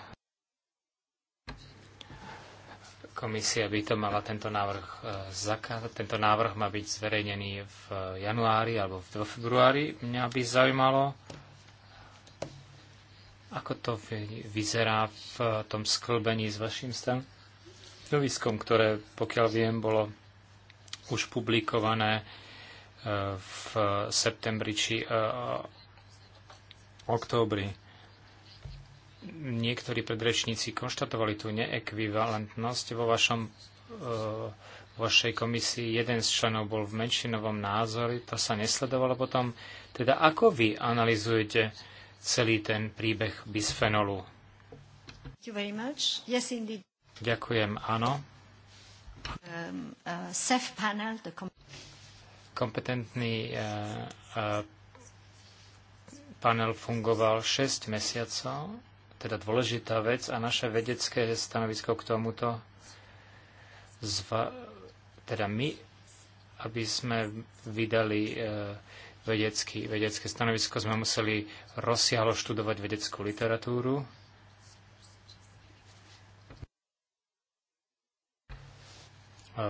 Komisia by to mala tento návrh e, zakázať. Tento návrh má byť zverejnený v januári alebo v februári. Mňa by zaujímalo, ako to vyzerá v tom sklbení s vašim stanoviskom, ktoré, pokiaľ viem, bolo už publikované e, v septembri či e, októbri niektorí predrečníci konštatovali tú neekvivalentnosť vo vašom vo eh, vašej komisii jeden z členov bol v menšinovom názore, to sa nesledovalo potom. Teda ako vy analizujete celý ten príbeh bisfenolu? Yes, Ďakujem, áno. Um, uh, panel, the... Kompetentný uh, uh, panel fungoval 6 mesiacov teda dôležitá vec a naše vedecké stanovisko k tomuto zva, teda my, aby sme vydali e, vedecký, vedecké stanovisko, sme museli rozsiahlo študovať vedeckú literatúru, Eh,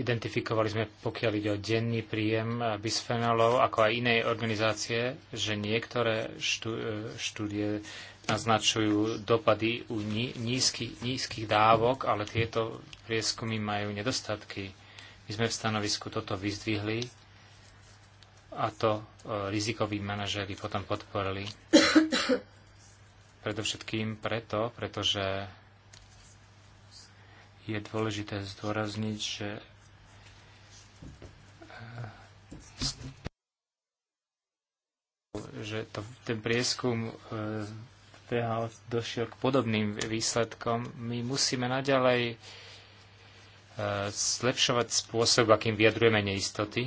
identifikovali sme, pokiaľ ide o denný príjem bisfenolov, ako aj inej organizácie, že niektoré eh, štúdie naznačujú dopady u nízky, nízkych dávok, ale tieto prieskumy majú nedostatky. My sme v stanovisku toto vyzdvihli a to eh, rizikoví manažéri potom podporili. Predovšetkým preto, pretože je dôležité zdôrazniť, že eh, že to, ten prieskum VHO eh, došiel k podobným výsledkom. My musíme naďalej eh, zlepšovať spôsob, akým vyjadrujeme neistoty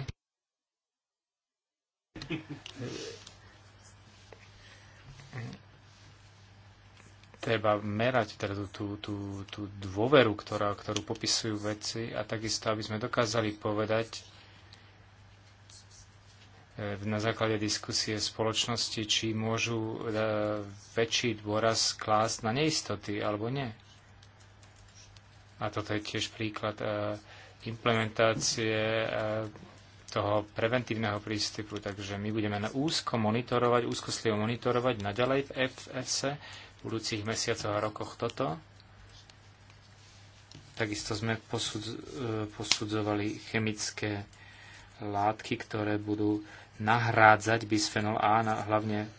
treba merať teda tú, tú, tú, tú dôveru, ktorá, ktorú popisujú veci a takisto, aby sme dokázali povedať e, na základe diskusie spoločnosti, či môžu e, väčší dôraz klásť na neistoty alebo nie. A toto je tiež príklad e, implementácie toho preventívneho prístupu, takže my budeme na úzko monitorovať, úzko monitorovať naďalej v FSE, budúcich mesiacoch a rokoch toto. Takisto sme e, posudzovali chemické látky, ktoré budú nahrádzať bisfenol A, na, hlavne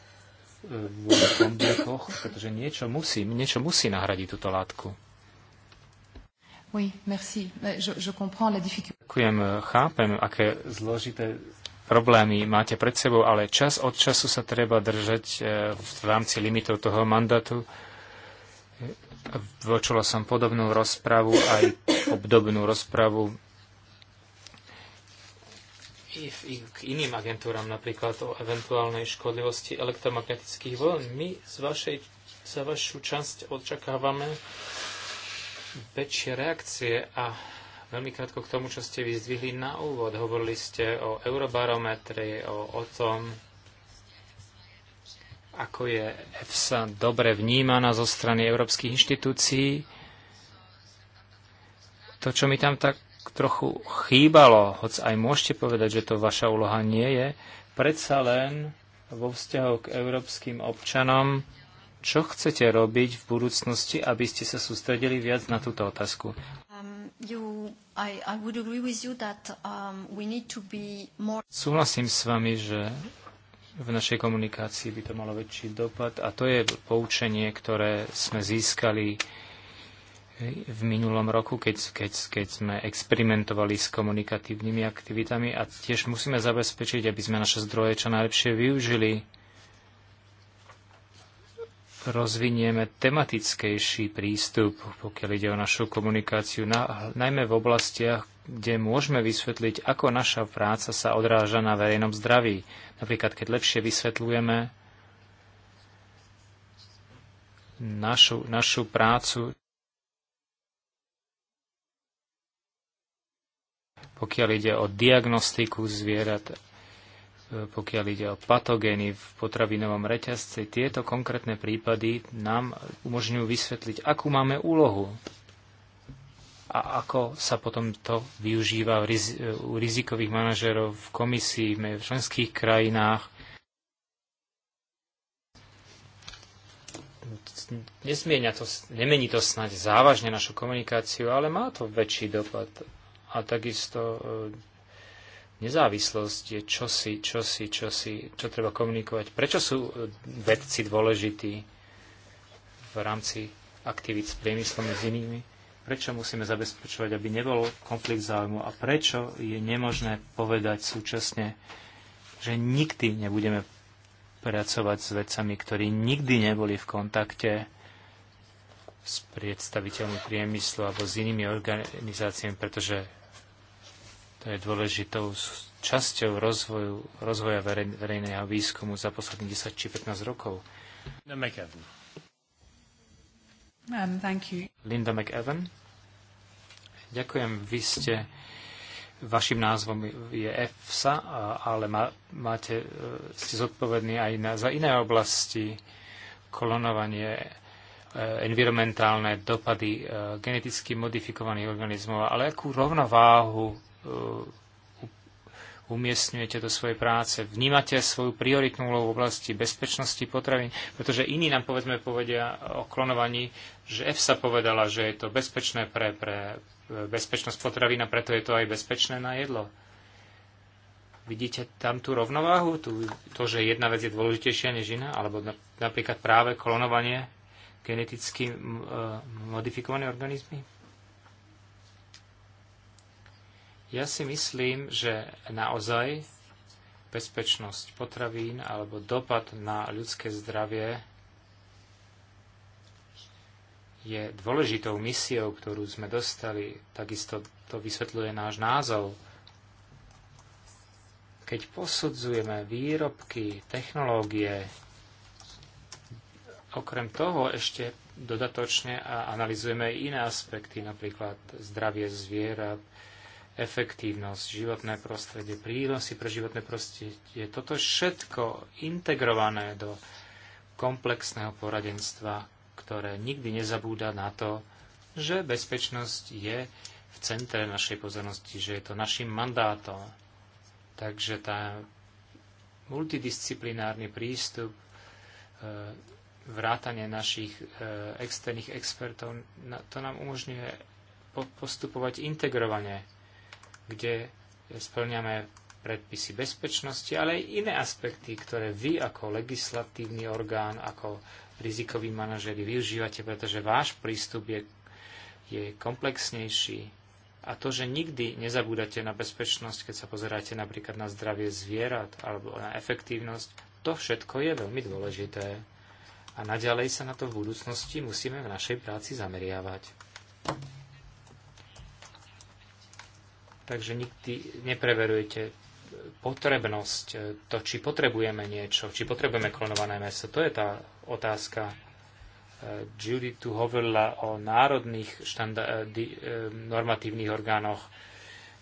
e, v komblíkoch, pretože niečo musí, niečo musí nahradiť túto látku. Oui, merci. Je, je comprends la difficulté. Ďakujem, chápem, aké zložité problémy máte pred sebou, ale čas od času sa treba držať e, v rámci limitov toho mandátu. Vočula som podobnú rozpravu, aj obdobnú rozpravu k iným agentúram, napríklad o eventuálnej škodlivosti elektromagnetických vln. My z vašej, za vašu časť očakávame väčšie reakcie a Veľmi krátko k tomu, čo ste vyzdvihli na úvod. Hovorili ste o eurobarometri, o, o tom, ako je EFSA dobre vnímaná zo strany európskych inštitúcií. To, čo mi tam tak trochu chýbalo, hoď aj môžete povedať, že to vaša úloha nie je, predsa len vo vzťahu k európskym občanom čo chcete robiť v budúcnosti, aby ste sa sústredili viac na túto otázku? Um, Súhlasím s vami, že v našej komunikácii by to malo väčší dopad a to je poučenie, ktoré sme získali v minulom roku, keď, keď, keď sme experimentovali s komunikatívnymi aktivitami a tiež musíme zabezpečiť, aby sme naše zdroje čo najlepšie využili rozvinieme tematickejší prístup, pokiaľ ide o našu komunikáciu, na, najmä v oblastiach, kde môžeme vysvetliť, ako naša práca sa odráža na verejnom zdraví. Napríklad, keď lepšie vysvetľujeme našu, našu prácu, pokiaľ ide o diagnostiku zvierat pokiaľ ide o patogény v potravinovom reťazci. Tieto konkrétne prípady nám umožňujú vysvetliť, akú máme úlohu a ako sa potom to využíva u rizikových manažerov v komisii, v členských krajinách. Nesmienia to, nemení to snáď závažne našu komunikáciu, ale má to väčší dopad. A takisto e, Nezávislosť je čosi, čosi, čosi, čo treba komunikovať. Prečo sú e, vedci dôležití v rámci aktivít s priemyslom s inými? Prečo musíme zabezpečovať, aby nebol konflikt záujmu? A prečo je nemožné povedať súčasne, že nikdy nebudeme pracovať s vedcami, ktorí nikdy neboli v kontakte s predstaviteľmi priemyslu alebo s inými organizáciami, pretože to je dôležitou časťou rozvoju, rozvoja verej, verejného výskumu za posledných 10 či 15 rokov. Linda McEwan. Um, thank you. Linda McEwan. Ďakujem, vy ste vašim názvom je EFSA, ale máte, e, ste zodpovední aj na, za iné oblasti, kolonovanie, e, environmentálne dopady e, geneticky modifikovaných organizmov, ale akú rovnováhu Uh, umiestňujete do svojej práce? Vnímate svoju prioritnú úlohu v oblasti bezpečnosti potravín? Pretože iní nám povedzme povedia o klonovaní, že EFSA povedala, že je to bezpečné pre, pre e, bezpečnosť potravín a preto je to aj bezpečné na jedlo. Vidíte tam tú rovnováhu? Tú, to, že jedna vec je dôležitejšia než iná? Alebo na, napríklad práve klonovanie geneticky e, modifikované organizmy? Ja si myslím, že naozaj bezpečnosť potravín alebo dopad na ľudské zdravie je dôležitou misiou, ktorú sme dostali. Takisto to vysvetľuje náš názov. Keď posudzujeme výrobky, technológie, okrem toho ešte dodatočne analizujeme aj iné aspekty, napríklad zdravie zvierat, efektívnosť, životné prostredie, prínosy pre životné prostredie. Toto všetko integrované do komplexného poradenstva, ktoré nikdy nezabúda na to, že bezpečnosť je v centre našej pozornosti, že je to našim mandátom. Takže tá multidisciplinárny prístup e, vrátanie našich e, externých expertov, to nám umožňuje postupovať integrovane kde splňame predpisy bezpečnosti, ale aj iné aspekty, ktoré vy ako legislatívny orgán, ako rizikoví manažeri využívate, pretože váš prístup je, je komplexnejší. A to, že nikdy nezabúdate na bezpečnosť, keď sa pozeráte napríklad na zdravie zvierat alebo na efektívnosť, to všetko je veľmi dôležité. A naďalej sa na to v budúcnosti musíme v našej práci zameriavať. Takže nikdy nepreverujete potrebnosť, e, to, či potrebujeme niečo, či potrebujeme klonované meso. To je tá otázka. E, Judy tu hovorila o národných štanda- e, normatívnych orgánoch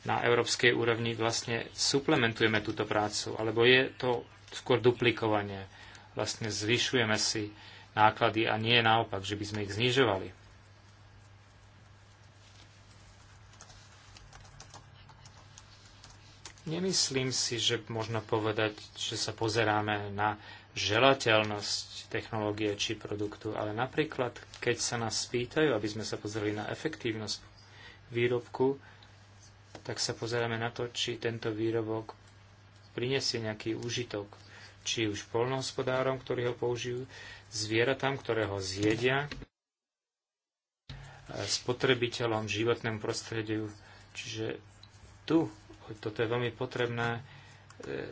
na európskej úrovni. Vlastne suplementujeme túto prácu, alebo je to skôr duplikovanie. Vlastne zvyšujeme si náklady a nie naopak, že by sme ich znižovali. Nemyslím si, že možno povedať, že sa pozeráme na želateľnosť technológie či produktu, ale napríklad, keď sa nás spýtajú, aby sme sa pozreli na efektívnosť výrobku, tak sa pozeráme na to, či tento výrobok prinesie nejaký úžitok, či už polnohospodárom, ktorí ho použijú, zvieratám, ktoré ho zjedia, spotrebiteľom, životnému prostrediu. Čiže tu toto je veľmi potrebné e,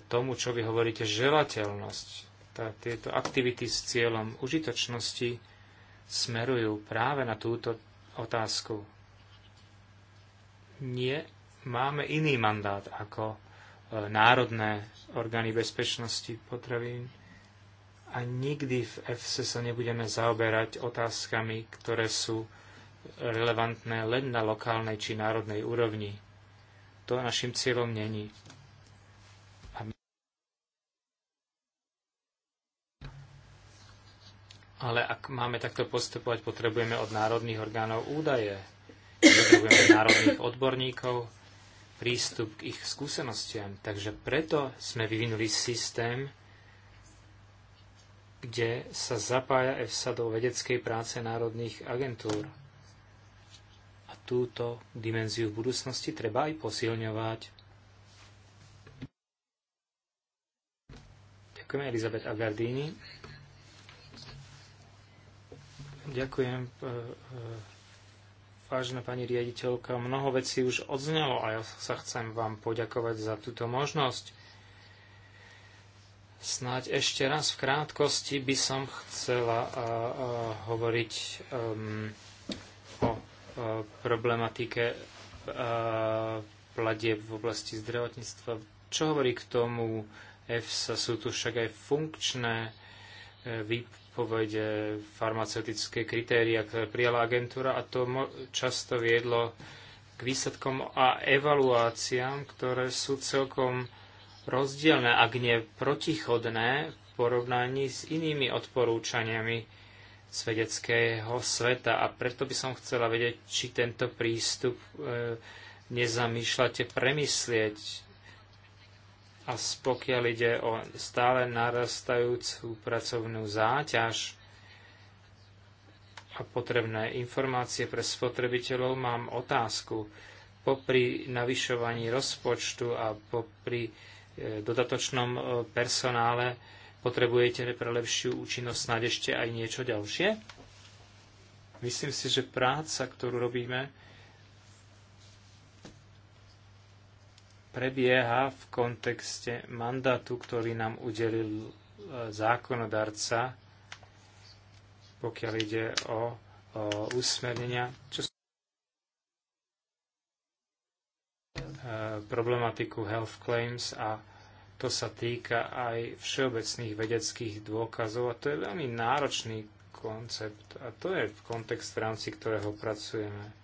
tomu, čo vy hovoríte, želateľnosť. Tá, tieto aktivity s cieľom užitočnosti smerujú práve na túto otázku. Nie, máme iný mandát ako e, národné orgány bezpečnosti potravín a nikdy v EFSE sa nebudeme zaoberať otázkami, ktoré sú relevantné len na lokálnej či národnej úrovni to našim cieľom není. Ale ak máme takto postupovať, potrebujeme od národných orgánov údaje, potrebujeme od národných odborníkov prístup k ich skúsenostiam. Takže preto sme vyvinuli systém, kde sa zapája EFSA do vedeckej práce národných agentúr túto dimenziu v budúcnosti treba aj posilňovať. Ďakujem Elizabeth Agardini. Ďakujem, eh, eh, vážna pani riaditeľka. Mnoho vecí už odznelo a ja sa chcem vám poďakovať za túto možnosť. Snáď ešte raz v krátkosti by som chcela eh, hovoriť ehm, o Eh, problematike eh, platieb v oblasti zdravotníctva. Čo hovorí k tomu EFSA? Sú tu však aj funkčné eh, výpovede, farmaceutické kritéria, ktoré prijala agentúra a to často viedlo k výsledkom a evaluáciám, ktoré sú celkom rozdielne, ak nie protichodné v porovnaní s inými odporúčaniami svedeckého sveta. A preto by som chcela vedieť, či tento prístup e, nezamýšľate premyslieť. A pokiaľ ide o stále narastajúcu pracovnú záťaž a potrebné informácie pre spotrebiteľov, mám otázku. Popri navyšovaní rozpočtu a popri e, dodatočnom e, personále, Potrebujete pre lepšiu účinnosť snáď ešte aj niečo ďalšie? Myslím si, že práca, ktorú robíme, prebieha v kontexte mandátu, ktorý nám udelil e, zákonodarca, pokiaľ ide o, o usmernenia, čo e, problematiku health claims a to sa týka aj všeobecných vedeckých dôkazov a to je veľmi náročný koncept a to je v kontext, v rámci ktorého pracujeme.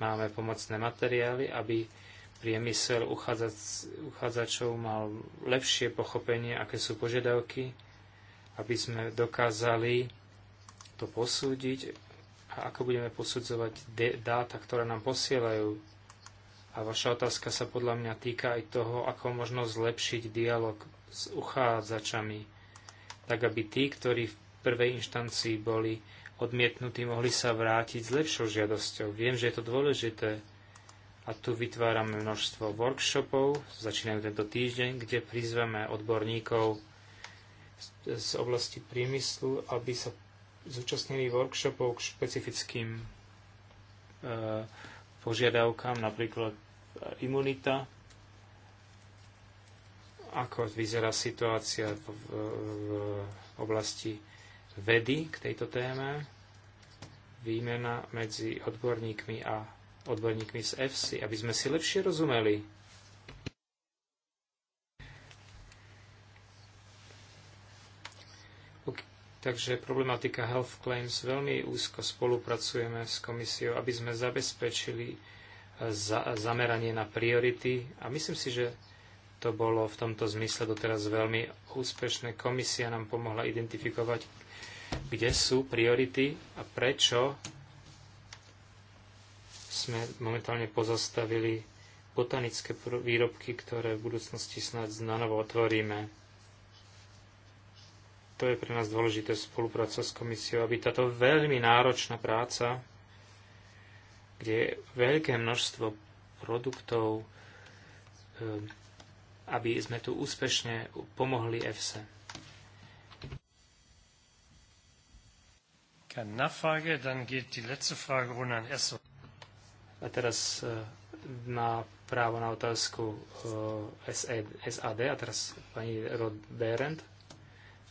Máme pomocné materiály, aby priemysel uchádzač, uchádzačov mal lepšie pochopenie, aké sú požiadavky, aby sme dokázali to posúdiť a ako budeme posudzovať dáta, ktoré nám posielajú a vaša otázka sa podľa mňa týka aj toho, ako možno zlepšiť dialog s uchádzačami, tak aby tí, ktorí v prvej inštancii boli odmietnutí, mohli sa vrátiť s lepšou žiadosťou. Viem, že je to dôležité a tu vytvárame množstvo workshopov, začínajú tento týždeň, kde prizveme odborníkov z, oblasti priemyslu, aby sa zúčastnili workshopov k špecifickým e, požiadavkám, napríklad imunita. Ako vyzerá situácia v, v oblasti vedy k tejto téme? Výmena medzi odborníkmi a odborníkmi z EFSI, aby sme si lepšie rozumeli. Takže problematika health claims veľmi úzko spolupracujeme s komisiou, aby sme zabezpečili za, zameranie na priority a myslím si, že to bolo v tomto zmysle doteraz veľmi úspešné. Komisia nám pomohla identifikovať, kde sú priority a prečo sme momentálne pozastavili botanické výrobky, ktoré v budúcnosti snad znanovo otvoríme. To je pre nás dôležité spolupráca s komisiou, aby táto veľmi náročná práca kde je veľké množstvo produktov, eh, aby sme tu úspešne pomohli EFSE. A teraz eh, má právo na otázku eh, SAD e, a teraz pani Rod Berend.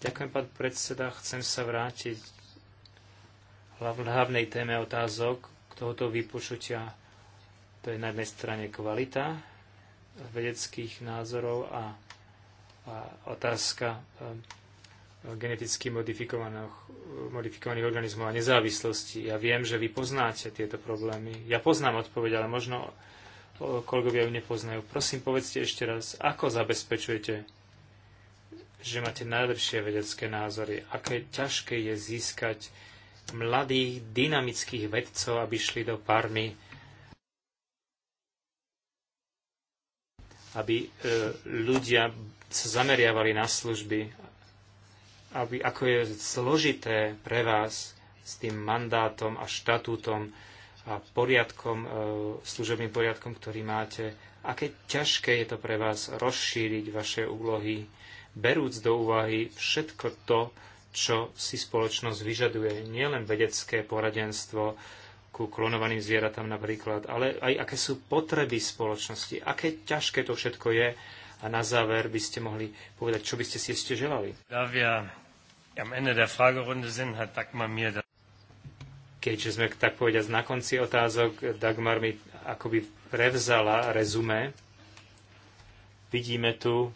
Ďakujem, pán predseda. Chcem sa vrátiť hlavnej téme otázok tohoto vypočutia. To je na jednej strane kvalita vedeckých názorov a, a otázka e, geneticky modifikovaných, modifikovaných organizmov a nezávislosti. Ja viem, že vy poznáte tieto problémy. Ja poznám odpoveď, ale možno kolegovia ju nepoznajú. Prosím, povedzte ešte raz, ako zabezpečujete, že máte najlepšie vedecké názory, aké ťažké je získať mladých, dynamických vedcov, aby šli do Parmy, aby e, ľudia sa zameriavali na služby, aby, ako je zložité pre vás s tým mandátom a štatútom a poriadkom, e, služobným poriadkom, ktorý máte, aké ťažké je to pre vás rozšíriť vaše úlohy, berúc do úvahy všetko to, čo si spoločnosť vyžaduje. Nielen vedecké poradenstvo ku klonovaným zvieratám napríklad, ale aj aké sú potreby spoločnosti, aké ťažké to všetko je. A na záver by ste mohli povedať, čo by ste si ešte želali. Keďže sme tak povediať na konci otázok, Dagmar mi akoby prevzala rezume. Vidíme tu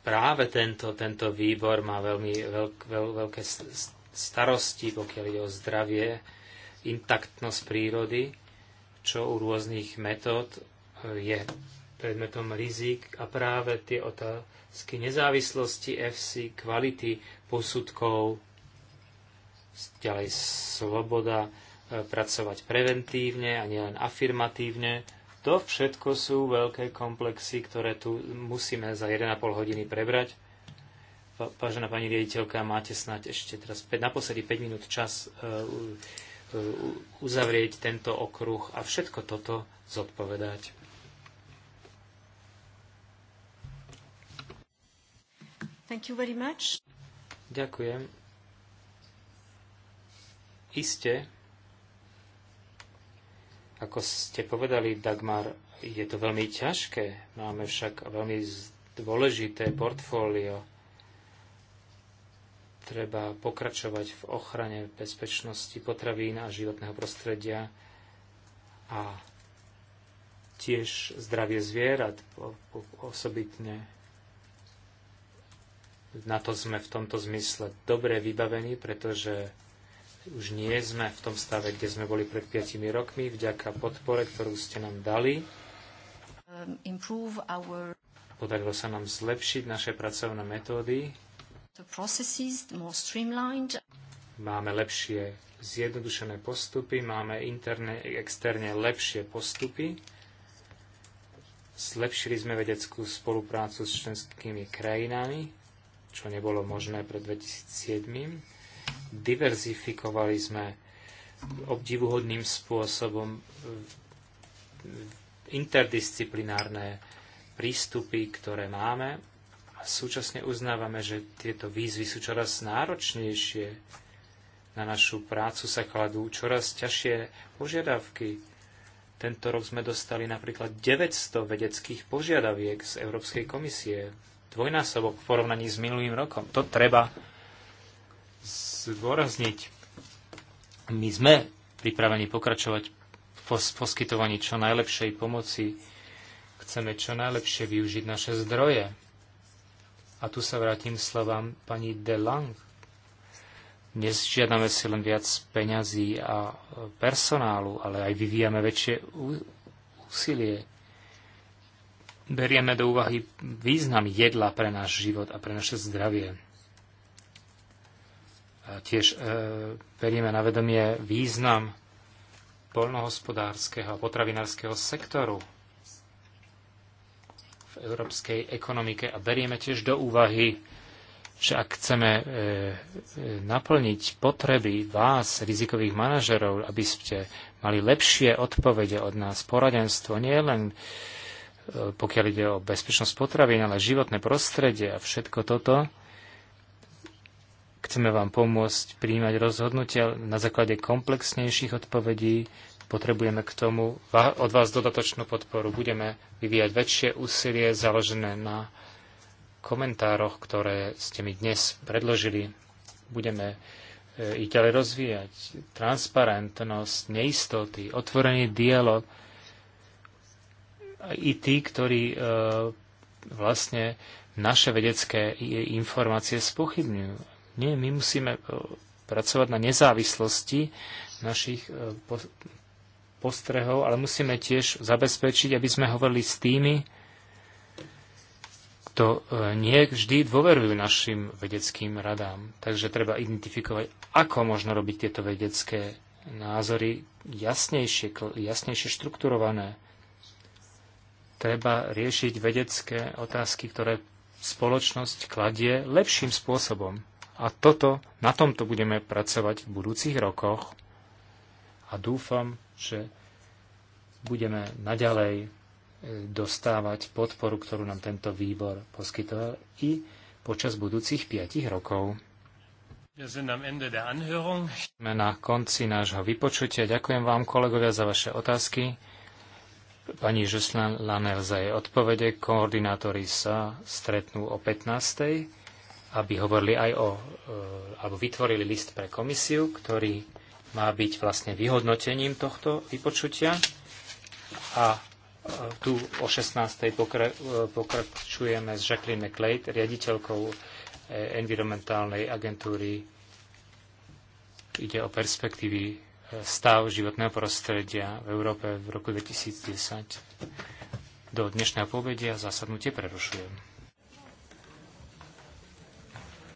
práve tento, tento výbor má veľmi veľk, veľ, veľké starosti, pokiaľ ide o zdravie, intaktnosť prírody, čo u rôznych metód eh, je predmetom rizik a práve tie otázky nezávislosti FC, kvality posudkov, ďalej sloboda eh, pracovať preventívne a nielen afirmatívne, to všetko sú veľké komplexy, ktoré tu musíme za 1,5 hodiny prebrať. Vážená pani riaditeľka, máte snáď ešte teraz 5, naposledy 5 minút čas e, e, uzavrieť tento okruh a všetko toto zodpovedať. Thank you very much. Ďakujem. Iste, ako ste povedali, Dagmar, je to veľmi ťažké. Máme však veľmi dôležité portfólio. Treba pokračovať v ochrane bezpečnosti potravín a životného prostredia a tiež zdravie zvierat osobitne. Na to sme v tomto zmysle dobre vybavení, pretože už nie sme v tom stave, kde sme boli pred 5 rokmi, vďaka podpore, ktorú ste nám dali. Um, podarilo sa nám zlepšiť naše pracovné metódy. Máme lepšie zjednodušené postupy, máme interne externe lepšie postupy. Zlepšili sme vedeckú spoluprácu s členskými krajinami, čo nebolo možné pred 2007 diverzifikovali sme obdivuhodným spôsobom interdisciplinárne prístupy, ktoré máme a súčasne uznávame, že tieto výzvy sú čoraz náročnejšie. Na našu prácu sa kladú čoraz ťažšie požiadavky. Tento rok sme dostali napríklad 900 vedeckých požiadaviek z Európskej komisie. Dvojnásobok v porovnaní s minulým rokom. To treba zvorazniť, My sme pripravení pokračovať v poskytovaní čo najlepšej pomoci. Chceme čo najlepšie využiť naše zdroje. A tu sa vrátim slovám pani De Lang. Dnes žiadame si len viac peňazí a personálu, ale aj vyvíjame väčšie úsilie berieme do úvahy význam jedla pre náš život a pre naše zdravie. Tiež e, berieme na vedomie význam poľnohospodárskeho a potravinárskeho sektoru v európskej ekonomike a berieme tiež do úvahy, že ak chceme e, e, naplniť potreby vás, rizikových manažerov, aby ste mali lepšie odpovede od nás, poradenstvo, nie len pokiaľ ide o bezpečnosť potravín, ale životné prostredie a všetko toto, Chceme vám pomôcť príjmať rozhodnutia na základe komplexnejších odpovedí. Potrebujeme k tomu od vás dodatočnú podporu. Budeme vyvíjať väčšie úsilie založené na komentároch, ktoré ste mi dnes predložili. Budeme e, i ďalej rozvíjať transparentnosť, neistoty, otvorený dialog. I tí, ktorí e, vlastne naše vedecké informácie spochybňujú. Nie, my musíme e, pracovať na nezávislosti našich e, postrehov, ale musíme tiež zabezpečiť, aby sme hovorili s tými, kto e, nie vždy dôverujú našim vedeckým radám. Takže treba identifikovať, ako možno robiť tieto vedecké názory jasnejšie, jasnejšie štrukturované. Treba riešiť vedecké otázky, ktoré spoločnosť kladie lepším spôsobom. A toto, na tomto budeme pracovať v budúcich rokoch a dúfam, že budeme naďalej e, dostávať podporu, ktorú nám tento výbor poskytoval i počas budúcich piatich rokov. Sme na konci nášho vypočutia. Ďakujem vám, kolegovia, za vaše otázky. Pani Žuslan Lanel za jej odpovede. Koordinátori sa stretnú o 15 aby hovorili aj o, e, alebo vytvorili list pre komisiu, ktorý má byť vlastne vyhodnotením tohto vypočutia. A e, tu o 16. E, pokračujeme s Jacqueline McLeod, riaditeľkou environmentálnej agentúry. Ide o perspektívy stav životného prostredia v Európe v roku 2010. Do dnešného povedia zasadnutie prerušujem.